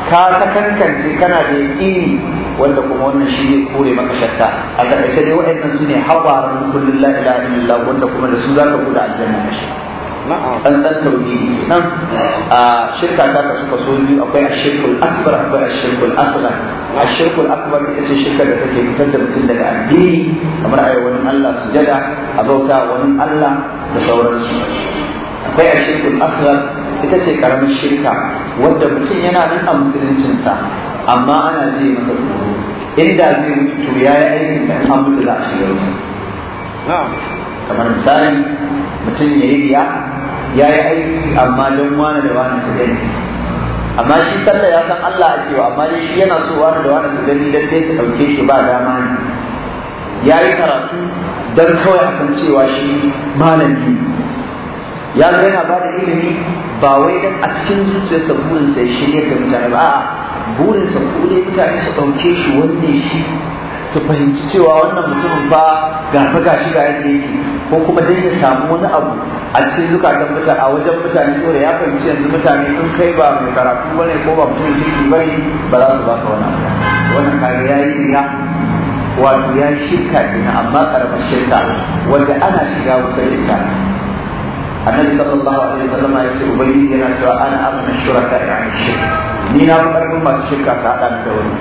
ka ta kankance kana da yaƙini wanda kuma wannan shi ne kore maka shakka a takaice dai waɗannan su ne hawarin kullum la ilaha illallah wanda kuma da su za ka buɗe aljanna da shi an san nan a shirka ta kasu kaso biyu akwai ashirkul akbar akwai ashirkul asghar ashirkul akbar ita ce shirka da take fitar da mutum daga addini kamar ayi wani Allah sujada a bauta wani Allah da sauransu akwai ashirkul asghar ita ce karamin shirka wanda mutum yana nan a musuluncinsa amma ana je masa tsoro inda zai mutu ya yi aikin da an mutu za a shiga wuta kamar misali mutum ya yi riya ya yi aiki amma don wani da wani su gani amma shi sallah ya san Allah a cewa amma shi yana so wani da wani su gani dan sai su ɗauke shi ba dama ne ya yi karatu don kawai a san cewa shi malami ya zai na ba da ilimi ba wai dan a cikin zuciyarsa burinsa ya shirya ga mutane ba burinsa ko mutane su ɗauke shi wanne shi su fahimci cewa wannan mutumin ba ga ga shi ga yadda yake ko kuma dai ya samu wani abu a cikin zukatan mutane a wajen mutane saboda ya fahimci yanzu mutane sun kai ba mai karatu ne ko ba mutum kirki bane ba za su ba ka wani abu wannan kare ya yi riya wato ya shirka ne amma karamar shirka wanda ana shiga wutar ita annabi sallallahu alaihi wasallam ya ce ubangiji yana cewa ana abna shuraka ya ni shi ni na karfin masu shirka haɗa hada da wani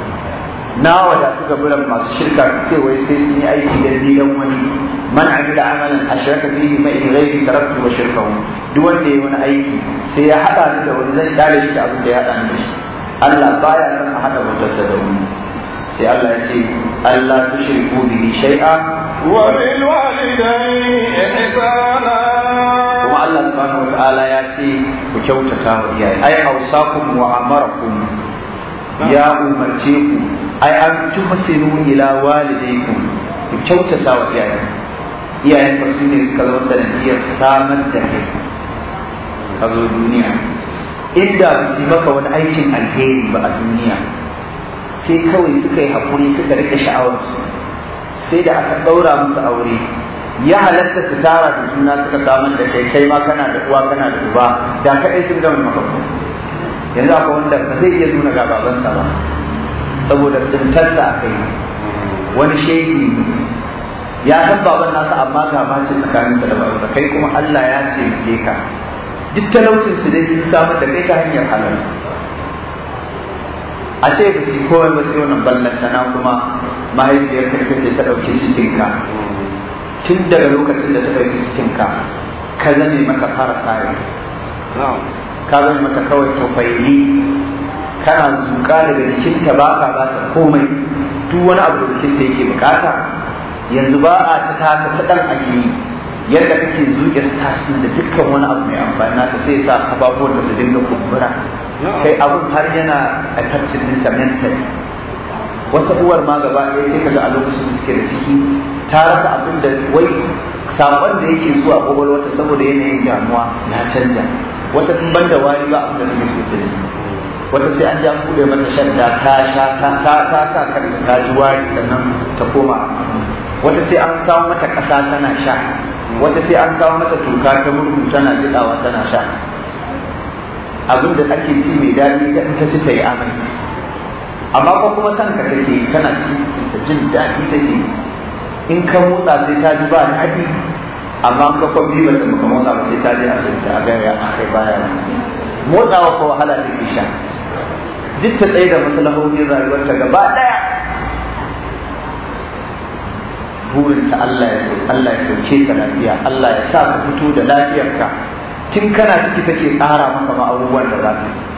na wadatu ga biran masu shirka ce wai sai sun yi aiki da dilan wani man da amalan ashraka fihi ma in ghairi taraktu wa shirkahu duk wanda ya wani aiki sai ya hada da wani zai kare shi abin da ya hada da shi Allah baya son a hada sa da wani sai Allah ya ce Allah tushriku bihi shay'a wa bil walidayni ihsana ta'ala ya ce ku kyautata wa iyaye ai awsakum wa amarakum ya umarce ku ai an tuhsinu ila walidaykum ku kyautata wa iyaye iyayen su ne suka zama sanadiyar samar da kai ka zo duniya inda ba su maka wani aikin alheri ba a duniya sai kawai suka yi hakuri suka rike sha'awarsu sai da aka ɗaura musu aure ya halatta su tara da suna suka samar da kai kai ma kana da uwa kana da uba da kaɗai sun gama makafu yanzu akwai wanda ba zai iya nuna gababansa ba saboda tarsa a kai wani shehi ya san baban nasa amma gaba ce tsakaninsa da babansa kai kuma Allah ya ce ke ka duk talaucin su dai sun samu da kai ta hanyar halal a ce ba su komai ba sai wannan ballanta na kuma mahaifiyar ka ce ta ɗauki cikin ka tun daga lokacin da ta kai cikin ka ka zame mata fara sayar ka zame mata kawai Ka kana zuƙa daga ta ba ka ba ta komai duk wani abu da ta yake bukata yanzu ba a ta tasa ta ɗan ake yadda kake zuƙe tasin da dukkan wani abu mai amfani ta sai sa kafafuwan da su dinga kumbura kai abun har yana a tattalin ta mentally wata uwar ma gaba ɗaya sai kaga a lokacin da take da ciki ta rasa abin da wai sabon da yake zuwa wata saboda yanayin damuwa na canja wata tun ban da wari ba abin da take so ta wata sai an ja buɗe mata shadda ta sha ta ta ta sa kanta ta ji wari sannan ta koma wata sai an kawo mata ƙasa tana sha wata sai an kawo mata toka ta murhu tana jiɗawa tana sha abin da ake ci mai daɗi ta ci ta yi amai amma ko kuma san ka take kana da jin daɗi take in ka motsa sai ta ji ba daɗi amma ka ko bi bata maka motsa ba sai ta ji a sai ta ga ya akai baya motsawa ko wahala take sha duk ta tsaye da maslahohin ta gaba ɗaya burinta Allah ya so Allah ya ce ka lafiya Allah ya sa ka fito da lafiyarka tun kana ciki take tsara maka ma abubuwan da za ka yi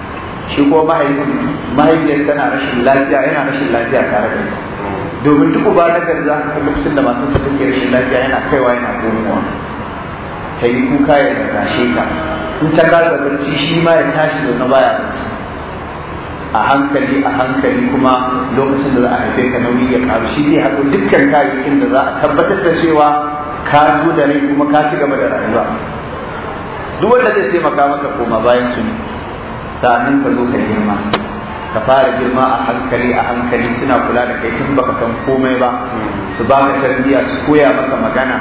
shi ko mahaifiyar tana rashin lafiya yana rashin lafiya tare da ita domin duk ba da gari za ka lokacin da matan ta take rashin lafiya yana kaiwa yana gomuwa ta yi kuka ya tashe ka in ta kasa barci shi ma ya tashi da na baya barci a hankali a hankali kuma lokacin da za a haife ka nauyi ya karu shi zai haɗu dukkan kayayyakin da za a tabbatar da cewa ka zo da rai kuma ka ci gaba da rayuwa duk wanda zai taimaka maka koma bayan su ne sannan ka zo ka girma ka fara girma a hankali a hankali suna kula da kai tun baka san komai ba su ba ka tarbiyya su koya maka magana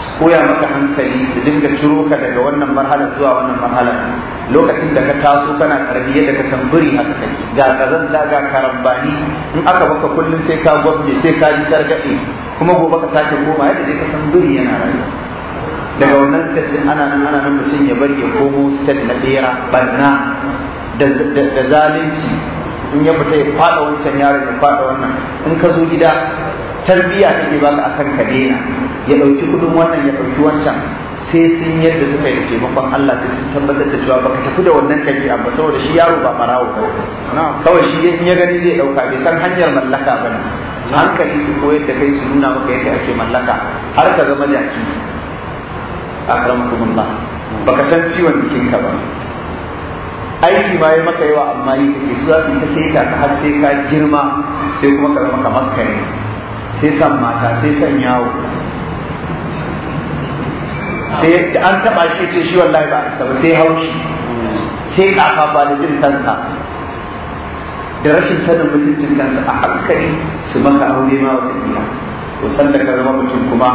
su koya maka hankali su dinga ciro ka daga wannan marhala zuwa wannan marhala lokacin da ka taso kana tarbiyya da ka tamburi haka kai ga da ga karambani in aka baka kullum sai ka gwabje sai ka yi targaɗe kuma gobe ka sake koma yadda dai ka duri yana rayuwa daga wannan stage ana nan ana nan mutum ya bari ya komo stage na bera banna da zalunci in ya fita ya fada wancan yaron ya fada wannan in ka zo gida tarbiyya take baka akan ka daina ya dauki kudin wannan ya dauki wancan sai sun yadda suka yi taimakon Allah sai sun tabbatar da cewa baka tafi da wannan ɗabi'a ba saboda shi yaro ba marawo ba kawai shi in ya gani zai ɗauka bai san hanyar mallaka ba ne hankali su koyar da kai su nuna maka yadda ake mallaka har ka zama jaki akramakumullah baka san ciwon ka ba aiki ma ya maka yawa amma ni kake su za su ta sai ka har sai ka girma sai kuma ka zama kamar ne. sai san mata sai san yawo sai da an taba shi ce shi wallahi ba a ba sai haushi sai kafa ba da jin kanka da rashin sanin mutuncin kanka a hankali su maka aure ma wata kila to san da ka zama mutum kuma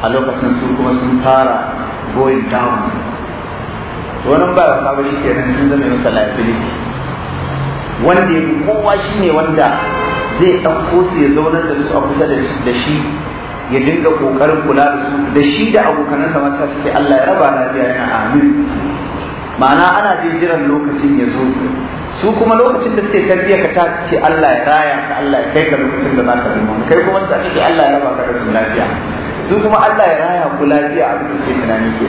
a lokacin su kuma sun fara going down wani ba rasa ba shi ke nan sun zama masa liability wanda ya kowa shi ne wanda zai ɗauko su ya zaunar da su a kusa da shi ya dinga ƙoƙarin kula da su da shi da sa mata suke Allah ya raba lafiya yana amin ma'ana ana jin jiran lokacin ya zo su kuma lokacin da suke tarbiya ka ta suke Allah ya raya ka Allah ya kai ka lokacin da za ka zama kai kuma da kake Allah ya raba ka da su lafiya su kuma Allah ya raya ku lafiya a cikin tunani ke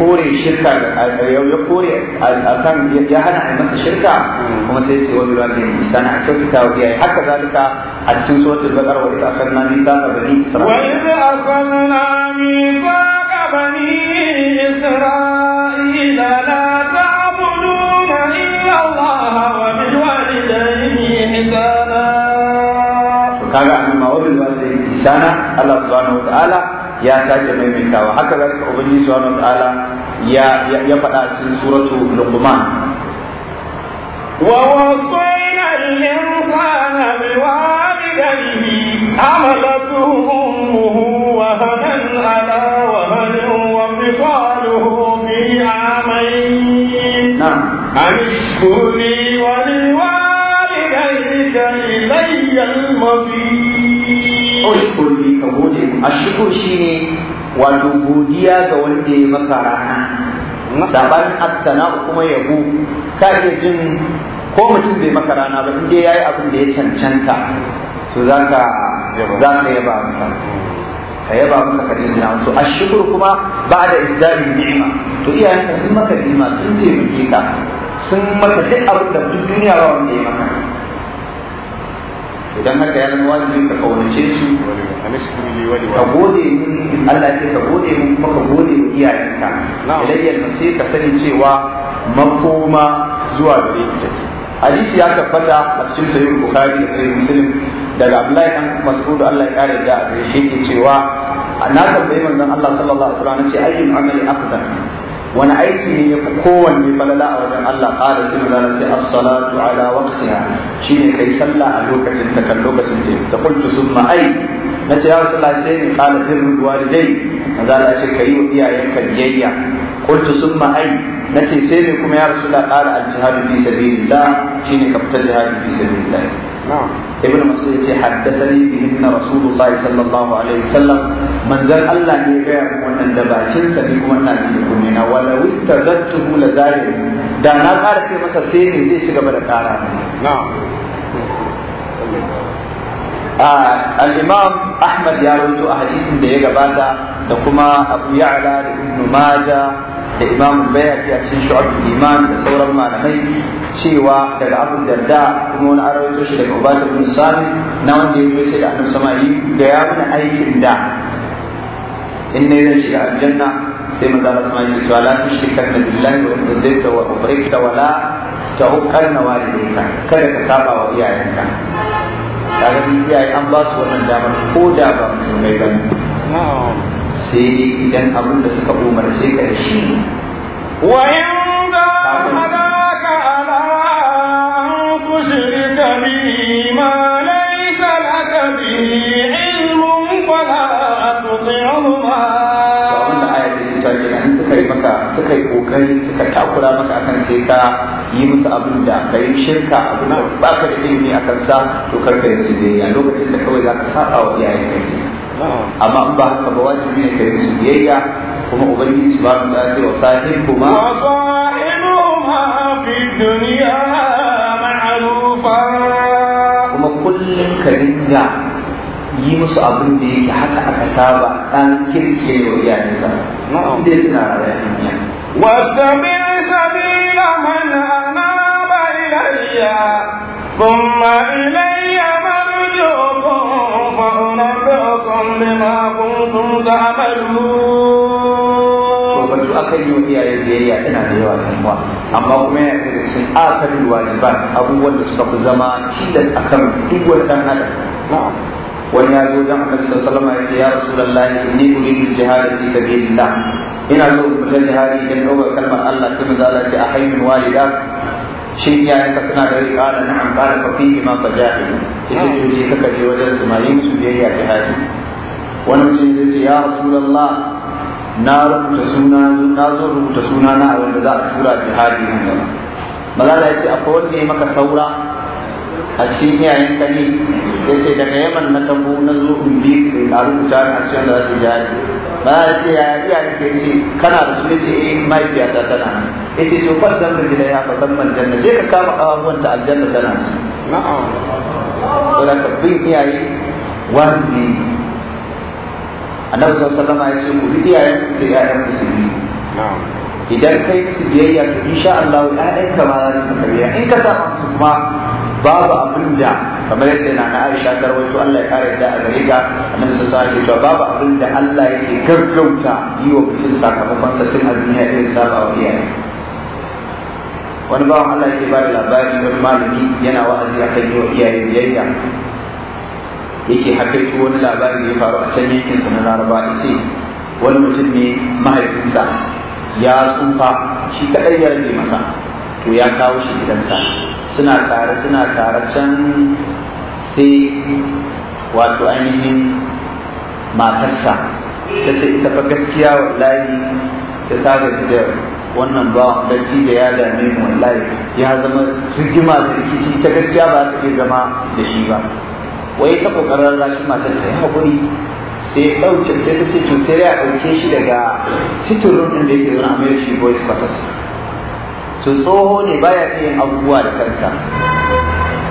kore shirka ya kore akan ya hana a masa shirka kuma sai ce wani ruwan gani a a kyautata wa iyaye haka zalika a cikin suratul baqar wa idza akhadna mithaqa bani isra'ila wa idza akhadna mithaqa bani isra'ila la ta'buduna illa Allah wa bil walidayni ihsana kaga amma wa bil walidayni ihsana Allah subhanahu wa ta'ala ya sake maimaitawa haka za ka ubangi su wani ta'ala ya faɗa cikin suratu lukman wa wasaina al-insana bi walidayhi amalatu ummuhu wa hadan ala wa hadan wa fisaluhu bi amain na'am an shkuri wa li walidayhi ilayya al-mabin ushkur li ka gode mu ashkur shine wato godiya ga wanda ya maka rana Saban at kuma yabo ka iya jin ko mutum bai maka rana ba inda ya yi abin da ya cancanta to za ka yaba masa ka yaba masa ka dinga to ashkur kuma ba'da izdari ni'ima to iyayenka sun maka ni'ima sun taimake ka sun maka duk abin da duk duniya ba wanda ya maka idan haka ya zama wajibi ka kaunace su ka gode min Allah ya ka gode min kuma ka gode min iyayenka ilayyar sai ka sani cewa makoma zuwa gare ki take hadisi ya tabbata a cikin sahih bukhari da sahih muslim daga Abdullahi dan Mas'ud Allah ya kare da shi ke cewa na tambayi manzon Allah sallallahu alaihi wasallam ce ayyul amali afdal wani aiki ne ya fi kowanne falala a wajen Allah ƙara su da sai as-salatu ala waqtiha shine kai sallah a lokacin ta kan lokacin ta da kuntu summa ai na ce ya sallah sai ne qala dir walidai maza Allah ce kai wa iyayen ka biyayya kuntu summa ai na ce sai ne kuma ya rasulullah qala al-jihadu fi sabilillah shine ka fita jihadu fi sabilillah ibn masud ce haddathani bihinna rasulullahi sallallahu alaihi wasallam manzon Allah ne ya gaya wannan da bakin sa ne kuma ina ji kunne na wala wistazattuhu la zalim da na fara ce masa sai ne zai ci gaba da kara na'am al-imam ahmad ya rawaito a hadisin da ya gabata da kuma abu ya'la da ibnu maja da imam bayhaqi a cikin shu'ab iman da sauran malamai cewa daga abu darda kuma wani an rawaito shi daga ubata bin sami na wanda ya ce da annabi da ya mana aikin da in zan shiga aljanna sai maza da sama yi cewa la tushrika billahi wa tudhika wa ubrika wa la ta'uqanna walidayka kada ka saba wa iyayenka kaga sun iyaye an basu wannan damar ko da ba mai ba sai idan abin da suka umarce ka da shi wa yan suka yi kokari suka takura maka akan sai ka yi musu abin da ka yi shirka abin da ba ka da ilimi a kansa to karka yi su biyayya lokacin da kawai za ka saba wa iyayen ka amma in ba haka ba wajibi ne ka yi su biyayya kuma ubangiji su wa ta'ala sai wa sahibuhuma wa sahibuhuma fi kuma kullum ka dinga yi musu abin da yake haka aka saba ɗan kirkire wa na'am inda suna rayuwa واتبع سبيل من أناب إلي ثم إلي مرجوكم فأنبئكم بما كنتم تعملون wato yi wa iyaye biyayya tana da yawa damuwa amma kuma yana da cikin asalin wajiban abubuwan da suka fi zama cilas akan duk wani dan adam wani ya zo dan annabi sallallahu alaihi wasallam ya ce ya rasulullahi inni uridu jihad fi sabilillah ina so in da jihadi idan ɗaukar kalmar Allah ta mazala ce a haihun walida shin iyayenka suna da rai ƙara na an ƙara fafi ma fa jahi ita ce ce kaka je wajen su mai musu biyayya jihadi wani mutum ya ce ya rasulallah na rubuta suna na zo rubuta suna na a wanda za a tura jihadi nan Ba mazala ya ce akwai wanda ya maka saura a cikin iyayen ne. ya ce daga yaman na tabo na zo in bi a rubuta a cikin da zai jari ba ya ce ya iyayen ka ce kana da su ne ce eh ta tana ya ce to kwan zan rajina ya fa zan man janna je ka kama ƙafafuwan da aljanna tana su. Na'am. Saboda ka bin iyaye wajibi annabi sallallahu alaihi ya ce ku bi iyayen ku da iyayen musulmi. Na'am. idan kai musu biyayya to insha Allah ƴaƴanka ma za su karbiya in ka sa musu kuma babu abin da kamar yadda na Aisha ta rawaito Allah ya kare da a gare ta annabi sallallahu alaihi wasallam babu abin da Allah yake gaggauta yiwa mutum sakamakon sa tun a duniya irin saba wa iyaye wani bawan Allah yake ba da labari wani malami yana wa'azi a kan wa iyaye biyayya yake hakaito wani labari da ya faru a can yankin sa na Laraba ce wani mutum ne mahaifinsa ya tsufa shi kaɗai ya rage masa to ya kawo shi gidansa suna tare suna tare can sai wato ainihin matarsa ta ce ita fa gaskiya wallahi ta saba da wannan ba barci da ya dame mu wallahi ya zama rigima da rikici ta gaskiya ba ta iya zama da shi ba wai ta kokarin rashin matar ta yi hakuri sai ɗauke sai ta ce to sai ya ɗauke shi daga siturin ɗin da yake zama mai shi boys quarters to tsoho ne baya iya yin abubuwa da kanta,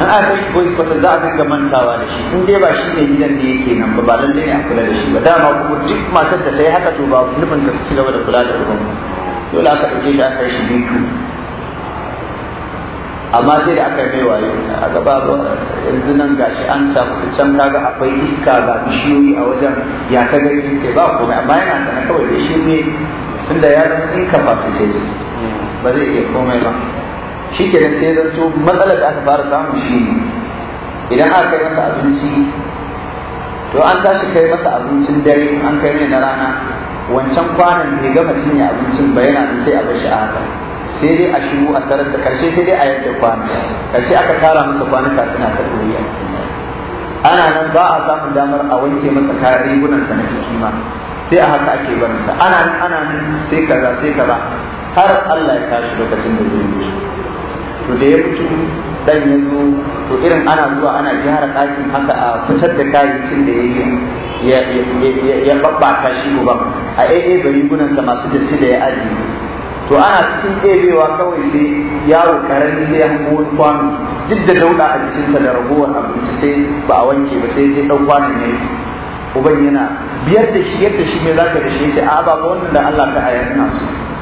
an a kai shi boys kwata za a dinga mantawa da shi in dai ba shi ne gidan da yake nan ba ba lallai ne a kula da shi ba dama kuma duk matar da ta yi haka to ba nufin ta ci gaba da kula da uban dole aka ɗauke shi aka yi shi bitu amma sai da aka mai wayo a gaba ba yanzu nan gashi an samu can kaga akwai iska ga bishiyoyi a wajen ya ka gani sai ba komai amma yana sanar kawai da shi ne tun da ya zama in ka fasu sai ba zai iya komai ba shi ke sai zanto matsalar da aka fara samun shi idan aka kai masa abinci to an tashi kai masa abincin dare an kai mai na rana wancan kwanan bai gama cinye abincin ba yana da sai a bashi a haka sai dai a shigo a tarar da karshe sai dai a yadda kwanan karshe aka tara masa kwanuka suna ta koriya ana nan ba a samun damar a wanke masa kayan rigunansa na jiki ma sai a haka ake barinsa ana nan ana nan sai kaza sai kaza har Allah ya tashi lokacin da zai mutu to da ya mutu dan ya zo to irin ana zuwa ana gyara ɗakin haka a fitar da kayayyakin da ya yi ya babbata shi ba, a AA bari gunansa masu dace da ya aji to ana cikin ɗebewa kawai sai yawo karami zai hango wani kwano duk da dauɗa a jikinsa da ragowar abinci sai ba a wanke ba sai zai ɗau kwanon ne yi uban yana biyar da shi yadda shi mai zaka da shi sai a ba wannan da Allah ta ayyana su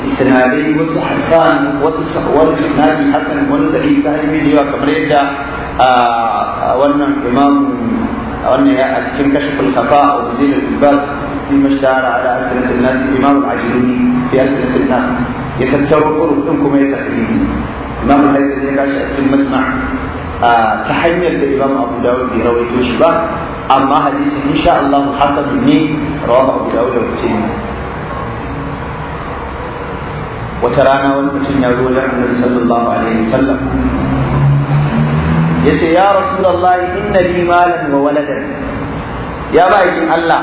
isnadai wasu hassan wasu wani isnadi hasan wani dalil sahibi da yawa kamar yadda wannan imam wannan ya a cikin kashful kafa a wajen al-ibas fi mashtara ala asrat an-nas imam al-ajluni fi asrat an-nas ya tattaro qurub din kuma ya tahriji imam al-haythami ya kashi a cikin masma' ta hanyar da imam abu dawud bai rawaito shi ba amma hadisin insha Allah hasan ne rawahu abu dawud wa tirmidhi wata rana wani mutum ya zo da annabi sallallahu alaihi wasallam yace ya rasulullahi inna li malan wa waladan ya bayin Allah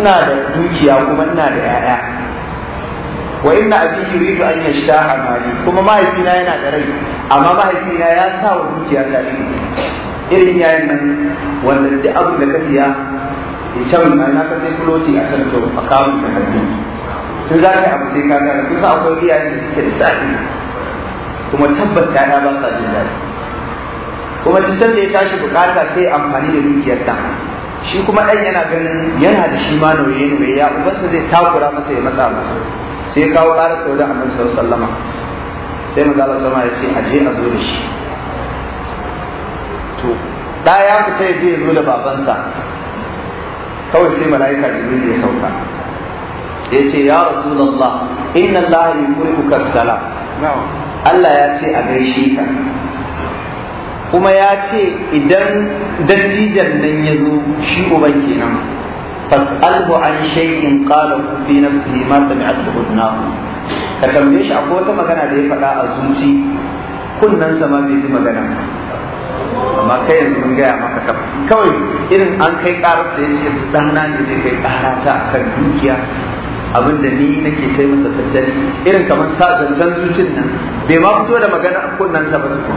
ina da dukiya kuma ina da yaya wa inna abi yuridu an yashtaha mali kuma mahaifina yana da rai amma mahaifina ya sa wa dukiya ta irin yayin nan wanda duk abin da ka siya can na ka sai floti a can to a kawo ta hannun in za ka abu sai ka gane kusa akwai iyayen da suke da sa'i kuma tabbas na ba sa jin daɗi kuma duk sanda ya tashi bukata sai amfani da dukiyar ta shi kuma ɗan yana ganin yana da shi ma nauyi ne ya ubansa zai takura masa ya matsa masa sai kawo ƙara sau da annabi sallama sai mu zala sama ya ce a je a zo da shi to da ya fita ya je ya zo da babansa kawai sai mala'ika jibril ya sauka ya ce ya rasulullah inna Allah yuhibbuka salam Allah ya ce a gaishe ka kuma ya ce idan dattijan nan ya zo shi uban kenan fas'alhu an shay'in qala fi nafsihi ma sami'atu hudnahu ka tambaye shi akwai wata magana da ya faɗa a zuci kunnan sama bai ji magana amma kai yanzu mun gaya maka kafa kawai irin an kai ƙarar da yace ce ɗana ne zai kai ƙara ta akan dukiya abin da ni nake kai masa tattali irin kamar sa zancen zucin nan bai ma fito da magana a kunnan ta ba ko?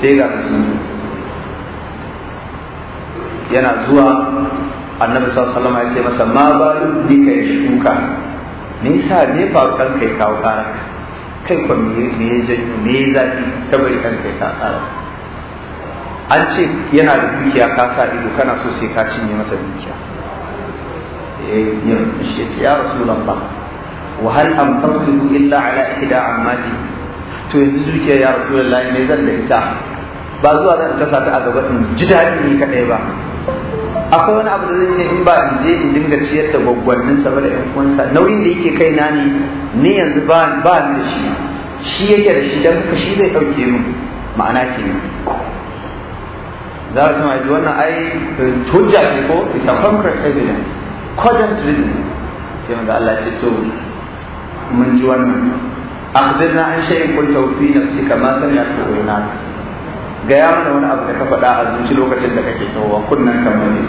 sai ga su yana zuwa annabi sallallahu alaihi ya ce masa ma ba dika ya shuka me yasa ne ba kan kai kawo karaka kai kwa me ya janyo me ya zafi ka bari kan kai ka kara an ce yana da dukiya ka sa ido kana so sai ka cinye masa dukiya ya rushe ta ya wa hal am taqtulu illa ala ihda ammati to yanzu zuke ya lai ne zan da ita ba zuwa zan kasa ta a gaba in ji daɗi ni kaɗai ba akwai wani abu da zai yi in ba in je in dinga ciyar da gwaggwannin sa ba da ƴan uwansa nauyin da yake kai na ne ni yanzu ba ba ni da shi shi yake da shi dan ka shi zai ɗauke min ma'ana kenan za su ma ji wannan ai hujja ce ko isa a concrete evidence cogently sai manzo Allah ce to mun ji wannan akhbirna an shay'in qultahu fi nafsika ma sami'tu wa gaya mana wani abu da ka faɗa a zuci lokacin da kake tsowa kunnan kan mani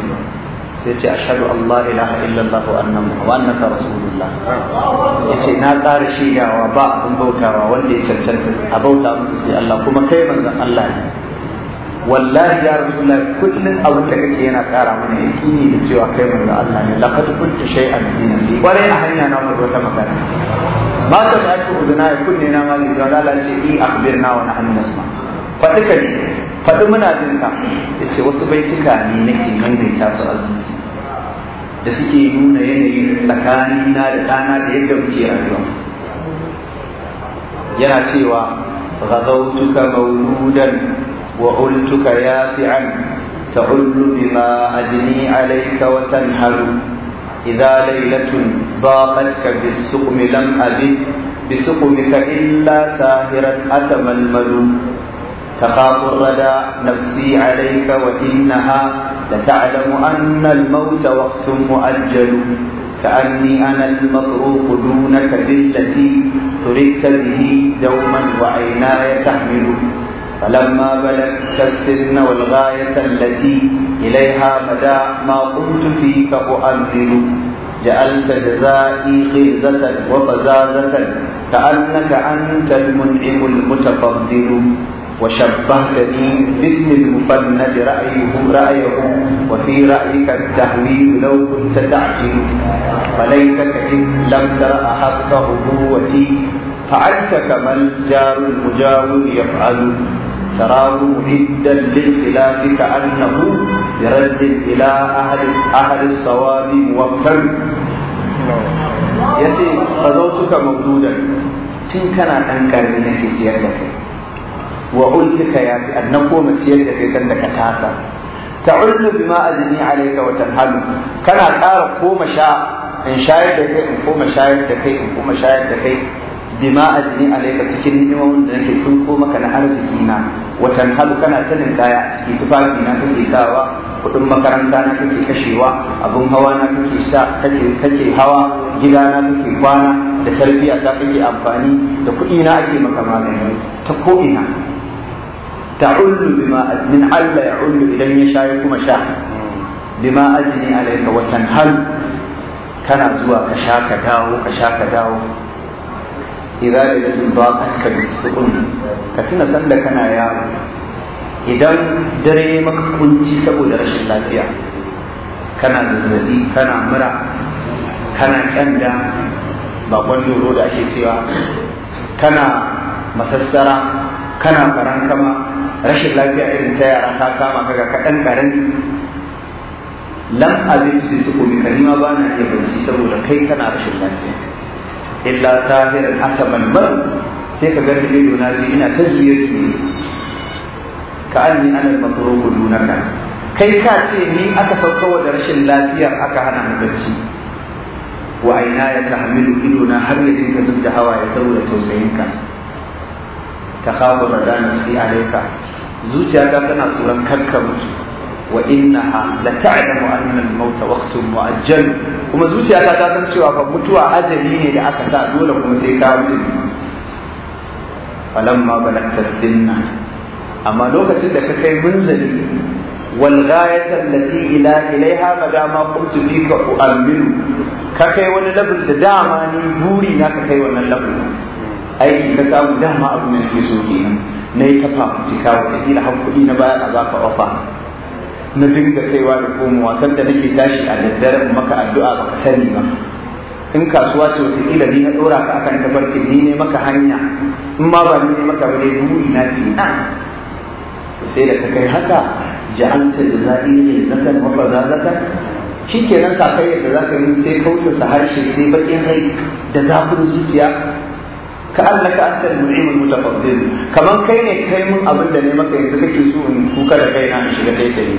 sai ce ashhadu Allah ilaha illallah wa anna wa rasulullah yace na tsara shiryawa ba abun bautawa wanda ya cancanta a bauta musu sai Allah kuma kai manzon Allah ne wallahi ya rasulullah kullun abin da kake yana kara mana yakini da cewa kai da Allah ne laqad kuntu shay'an fi nafsi kwarai a hanya na mu wata magana ba ta da shi uduna ya kunne na ma da Allah ce i akhbirna wa nahnu nasma faɗi ka faɗi muna jin ka yace wasu baituka ne nake maimaita su a zuci da suke nuna yanayin tsakanina da ɗana da yadda muke rayuwa yana cewa غزوتك مولودا وعلتك يافعا تعل بما أجني عليك وتنهل إذا ليلة ضاقتك بالسقم لم أبد بسقمك إلا ساهرا أتململ تخاف الردى نفسي عليك وإنها لتعلم أن الموت وقت مؤجل كأني أنا المطروق دونك بالتي تركت به دوما وعيناي تحمل فلما بلغت السن والغاية التي إليها مدى ما قمت فيك أؤمل جعلت جزائي غيظة وفزازة كأنك أنت المنعم المتفضل وشبهتني باسم المفند رأيه رأيه وفي رأيك التهويل لو كنت تعجل فليتك إن لم تر أحق قوتي فعلت كما الجار المجاور يفعل تراه مهدا للخلاف كأنه برد إلى أهل أهل الصواب موكل yace fazautuka mabdudan tun kana ɗan ƙarni nake ciyar da kai wa ultuka ya fi annan koma ciyar da kai sanda ka tasa ta'ullu bima ajni alayka wa tanhalu kana ƙara koma sha in shayar da kai koma shayar da kai koma shayar da cikin ni'imomin da nake sun koma kana arziki na watan halu kana sanin kaya cikin tufafi na kake sawa kudin makaranta na kake kashewa abun hawa na kake sa kake kake hawa gida na kake kwana da tarbiya ta kake amfani da kuɗi na ake maka magani ta ko ina ta'ullu bima min Allah ullu idan ya sha ya kuma sha bima ajni alayka watan halu kana zuwa ka sha ka dawo ka sha ka dawo iradatin ba a kabi ka tuna sanda kana yaro idan dare maka kunci saboda rashin lafiya kana zazzabi kana mura kana kyanda bakon doro da ake cewa kana masassara kana karan kama rashin lafiya irin ta yara ta kama kaga kaɗan karan lam abin su su kuma kanima ba na iya bacci saboda kai kana rashin lafiya illa sahiran asaman mar sai ka gani ido na biyu ina ta su juye ka an ni anar dunaka kai ka ce ni aka sauka da rashin lafiya aka hana mu bacci wa aina ya tahmilu ido na har ya dinka zub da hawaye saboda ka ta kawo da nasi alaika zuciya ta tana tsoron karka mutu وإنها لتعلم أن الموت وقت مؤجل kuma zuciyata ta san cewa fa mutuwa ajali ne da aka sa dole kuma sai ka mutu falamma balagta sinna amma lokacin da ka kai munzali wal ghayata allati ila ilaiha madama qultu bika u'minu ka kai wani level da dama ni buri na ka kai wannan level aiki ka samu dama abu ne ke so kenan nayi ta fafutuka wata kila hankuli na baya a baka ofa na dinga kaiwa da komowa sanda nake tashi a daddare maka addu'a baka sani ba in kasuwa ce wata kila ni na dora ka akan tafarki ni ne maka hanya in ma ba ni ne maka ba dai mu ina ce na sai da kai haka ja'alta jazai ne zatan wa nan kakai yadda da ka yi sai kausa harshe sai bakin rai da zafin zuciya ka Allah ka antar mu'imul mutafaddil kaman kai ne kai mun abin da ne maka yanzu kake so in kuka da kai na shiga kai kai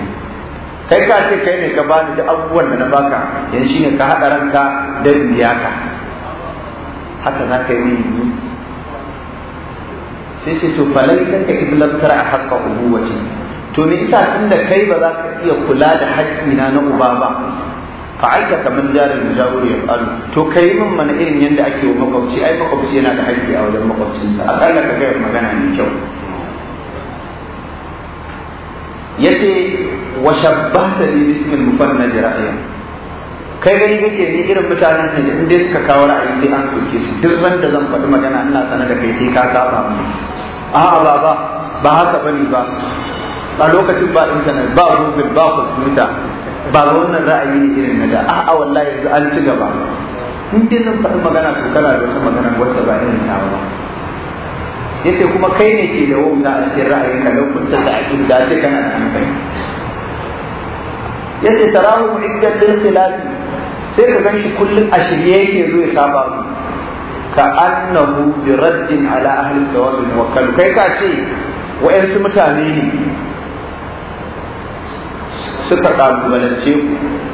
kai ka ce kai ne ka bani da abubuwan da na baka yanzu shine ka haɗa ranka da biyaka. haka za ka yi yanzu sai ce to falai kanka tara a haƙƙa ubuwaci to me yasa da kai ba za ka iya kula da haƙƙina na na uba ba fa aika kaman jarin mujawir ya faru to kai min mana irin yadda ake wa makwabci ai makwabci yana da haƙƙi a wajen makwabcinsa A akalla ka gaya magana mai kyau yace wa shabbahta bi ismil mufannad ra'ayan kai gani kake ni irin mutanen da in inda suka kawo ra'ayi sai an soke su duk wanda zan faɗi magana ina sanar da kai sai ka saba mu a'a ba ba ba haka bane ba a lokacin ba internet ba google ba computer ba wannan ra'ayi ne irin na da a'a wallahi yanzu an ci gaba in dai zan faɗi magana to kana da wata magana wacce ba irin ta ba yace kuma kai ne ke da wauta a cikin ra'ayinka lokacin da ake da ce kana da hankali yace tarahu mu'iddat bil filati sai ka ganshi kullum a shirye yake zo ya saba mu ka annahu bi raddin ala ahli thawab wa kai ka ce wa'ansu mutane ne suka kalubalance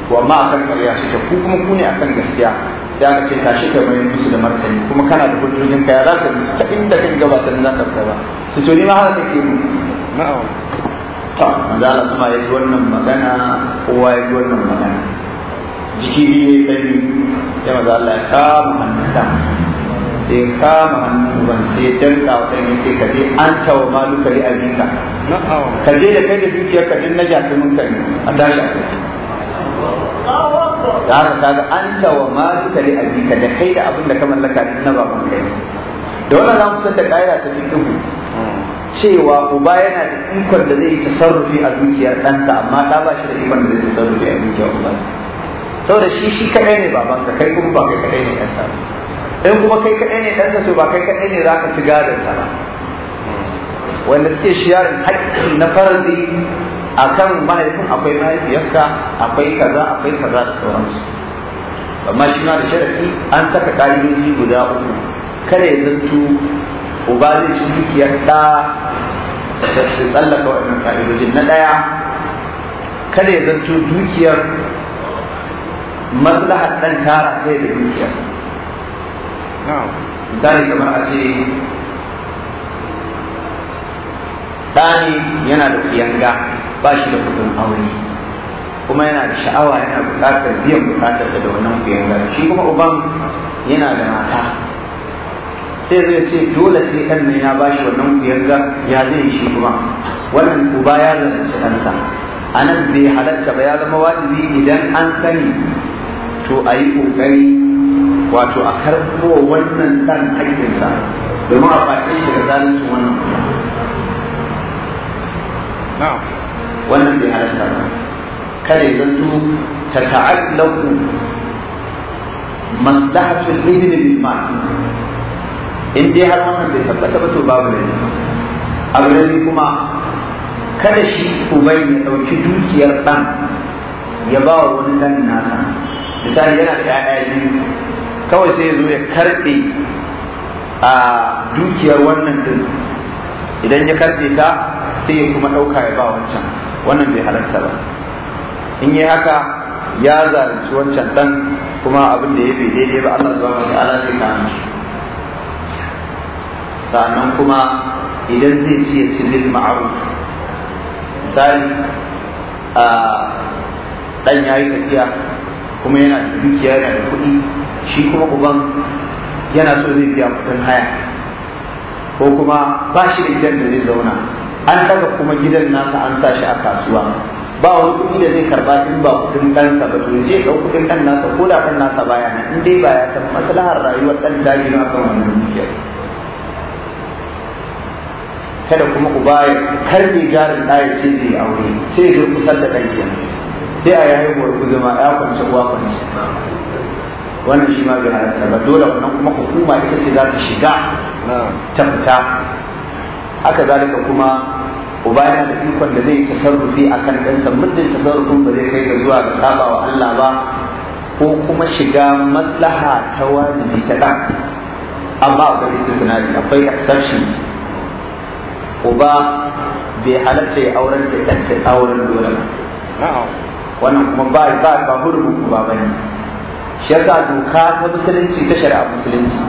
ku wa ma akan ƙarya suke ku kuma ku ne akan gaskiya ya aka ce shi ka mai musu da martani kuma kana da hujjojin ka ya za ka musu ta inda kan gaba ta za ka ba su ce ni ma haka take mu na'am ta manzala sama ya ji wannan magana kowa ya ji wannan magana jiki ne ya sani ya maza Allah ya kama hannunta sai kama hannun ban sai danka wa kan yace ka je an tawa maluka li abinka ka je da kai da dukiyar ka din na jafi mun kai a tashi a da haka kaga anta wa ma duka li abika da kai da abin da ka mallaka tun na baban kai Dole za mu san da kaira ta duhu. cewa uba yana da ikon da zai sarrufi a dukiyar ɗansa amma ɗa ba shi da ikon da zai sarrufi a dukiyar uba saboda shi shi kadai ne baban ka kai kuma ba kai kadai ne ɗansa in kuma kai kadai ne ɗansa to ba kai kadai ne zaka ci gadon sa ba wanda suke shiyarin haƙƙi na farzi akan mahaifin akwai mahaifiyarka akwai kaza akwai kaza da sauransu amma shi ma da sharafi an saka ƙa'idoji guda uku kada ya zanto uba zai ci dukiyar ɗa da su tsallaka waɗannan ƙa'idojin na ɗaya kada ya zanto dukiyar maslahar ɗan tara kai da dukiyar misali kamar a ce Sani yana da kuyanga ba shi da kudin aure kuma yana da sha'awa yana buƙatar biyan buƙatarsa da wannan kuyanga shi kuma uban yana da mata sai zai ce dole sai ɗan nan ya bashi wannan kuyanga ya zai shi kuma wannan uba ya zalunci kansa a nan bai halatta ba ya zama wajibi idan an sani to a yi ƙoƙari wato a karɓo wannan ɗan haƙƙinsa domin a fashe shi da zalunci wannan kuma wannan bai halatta ba kada ya zanto ta ta'allaku maslahatul ibn bil mal in dai har wannan bai tabbata ba to babu ne abu ne kuma kada shi ubai ya dauki dukiyar dan ya ba wa wani dan nasa misali yana da ƴaƴa biyu kawai sai ya zo ya karɓe a dukiyar wannan din idan ya karbe ta sai ya kuma ɗauka ya ba wancan wannan bai halarta ba in yi haka ya zalunci wancan ɗan kuma abin da ya bai daidai ba Allah zuwa wasu ala ta kama shi sannan kuma idan zai ci ya ci lil ma'aruf misali a ɗan ya yi tafiya kuma yana da dukiya yana da kuɗi shi kuma kuban yana so zai biya kuɗin haya ko kuma ba shi da gidan da zai zauna an daga kuma gidan nasa an sa shi a kasuwa ba wani kuɗi da zai karba in ba kuɗin ɗansa ba to je ɗau kuɗin ɗan nasa ko da ɗan nasa baya na in dai ba ya san maslahar rayuwar ɗan dagi a kan wannan dukiyar kada kuma ku baya karbe jarin ɗaya ce zai aure sai zai kusan da ɗan sai a yayin wa guzuma ya kwanci uwa kwanci wannan shi ma bai halatta ba dole wannan kuma hukuma ita ce za ta shiga ta fita haka zalika kuma uba yana da ikon da zai tasarrufi a kan ɗansa muddin tasarrufin ba zai kai ga zuwa ga saba wa Allah ba ko kuma shiga maslaha ta wajibi ta ɗan amma akwai istisnari akwai exceptions uba bai halarta auren da ɗansa auren dole ba wannan kuma ba ba ba hurubu ba bane shi ka doka ta musulunci ta shari'a musulunci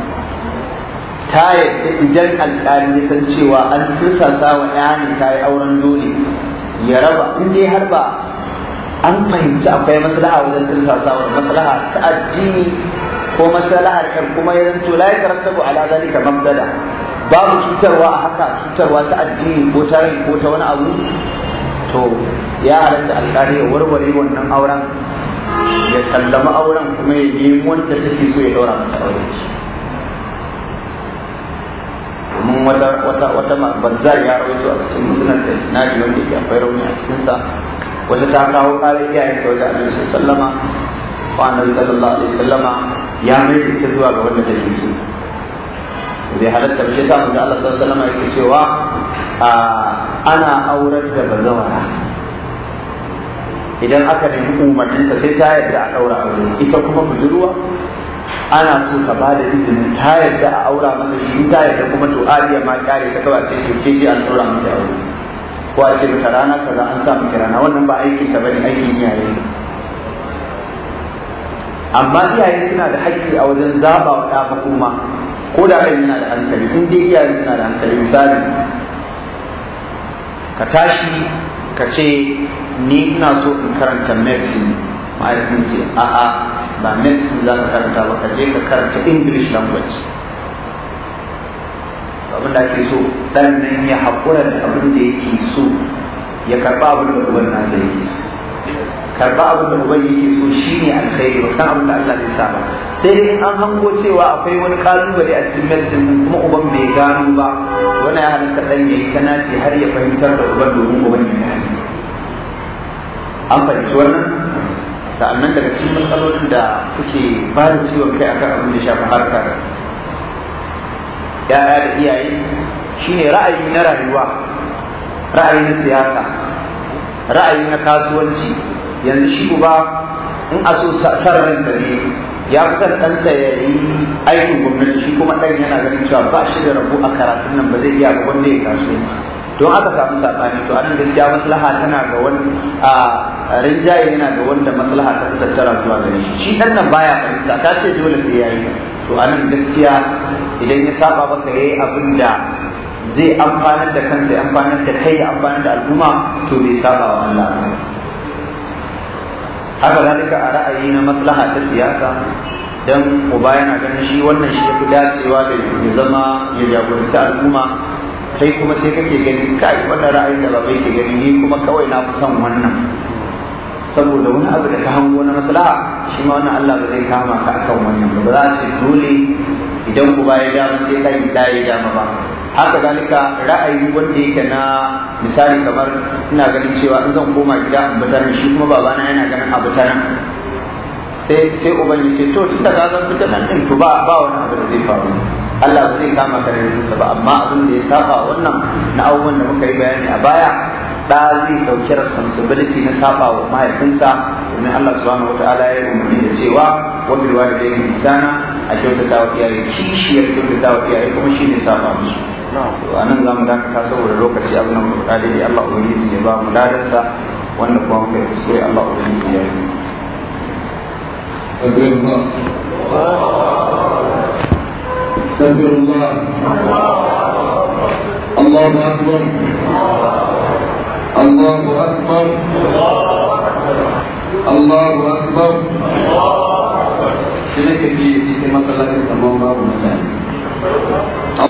ta yadda idan alƙali ya san cewa an tursasa wa yanin ta yi auren dole ya raba Inda dai har ba an fahimci akwai maslaha wajen tursasa wa maslaha ta addini ko maslahar kan kuma ya zanto la yatarattabu ala zalika mafsada babu cutarwa a haka cutarwa ta addini ko ta rai ko ta wani abu to ya halatta alƙali ya warware wannan auren ya sallama auren kuma ya nemi wanda take so ya daura mata aure domin wata wata wata banza ya rawaito a cikin musulun da isnadi wanda ke akwai rauni a cikin sa wata ta kawo kare iyayen ta wajen annabi sallama ko annabi sallallahu alaihi sallama ya mai ta zuwa ga wanda take su. da halatta ba shi ta manzo Allah sallallahu alaihi sallama yake cewa ana aurar da bazawara idan aka nemi umarninta sai ta yadda a ɗaura aure ita kuma budurwa ana so ka ba da izinin ta yadda a aura maka shi in ta yadda kuma to ariya ma kare ta kawace ce to ke ji an aura maka aure ko a ce maka rana kaza an sa miki rana wannan ba aikin ka bane aikin iyaye ne amma iyaye suna da hakki a wajen zaba wa ɗa kuma ko da kai yana da hankali in dai iyaye suna da hankali misali ka tashi ka ce ni ina so in karanta medicine mahaifin ce a'a ba medicine za ka karanta ba ka je ka karanta english language abin da ake so ɗan nan ya haƙura da abin da yake so ya karɓa abin da uban nasa yake so karɓa abin da uban yake so shine alkhairi ba san abin da Allah zai sa ba sai dai an hango cewa akwai wani kalubale a cikin medicine kuma uban bai gano ba wani ya halitta ɗan ya yi tana ce har ya fahimtar da uban domin uban ya yi. an fahimci wannan sa'annan daga cikin matsalolin da suke ba da ciwon kai akan abin da shafi harkar ya'ya da iyaye shine ra'ayi na rayuwa ra'ayi na siyasa ra'ayi na kasuwanci yanzu shi uba in a so sararin da ne ya fi san ɗansa ya aikin gwamnati shi kuma ɗan yana ganin cewa ba shi da rabu a karatun nan ba zai iya ba wanda ya kasuwanci don aka samu sabani to anan gaskiya maslaha tana ga wani a rinjaye yana ga wanda maslaha ta tattara zuwa gare shi shi dan nan baya fahimta ta ce dole sai yayi to anan gaskiya idan ya saba maka yayi abin da zai amfanar da kansa ya amfanar da kai ya amfanar da al'umma to bai saba wa Allah haka zalika a ra'ayi na maslaha ta siyasa dan uba yana ganin shi wannan shi ya fi dacewa da ya zama ya jagoranci al'umma Sai kuma sai kake gani kai wannan ra'ayin da babai ke gani ni kuma kawai na fi son wannan saboda wani abu da ka hango na maslaha shi ma wannan Allah ba zai kama ka akan wannan ba za a ce dole idan ku ya da sai ka da ya dama ba haka zalika ra'ayi wanda yake na misali kamar ina ganin cewa in zan koma gida in bata shi kuma babana yana ganin abu bataran sai sai uban ce to tun da ka zan nan din to ba ba wani abu da zai faru Allah ba zai kama ka da ba amma abin da ya saba wannan na abubuwan da muka yi bayani a baya da zai dauki responsibility na saba wa mahaifinsa domin Allah subhanahu wataala ya umarni da cewa da ya yi nisana a kyautata wa iyaye kishiyar kyautata wa iyaye kuma shi ne saba musu a nan za mu dakata saboda lokaci abin da muka yi Allah ubangiji ya ba mu ladarsa wanda kuma muka yi kuskure Allah ubangiji ya yi. استغفر الله الله أكبر الله أكبر الله أكبر Silakan di sistem masalah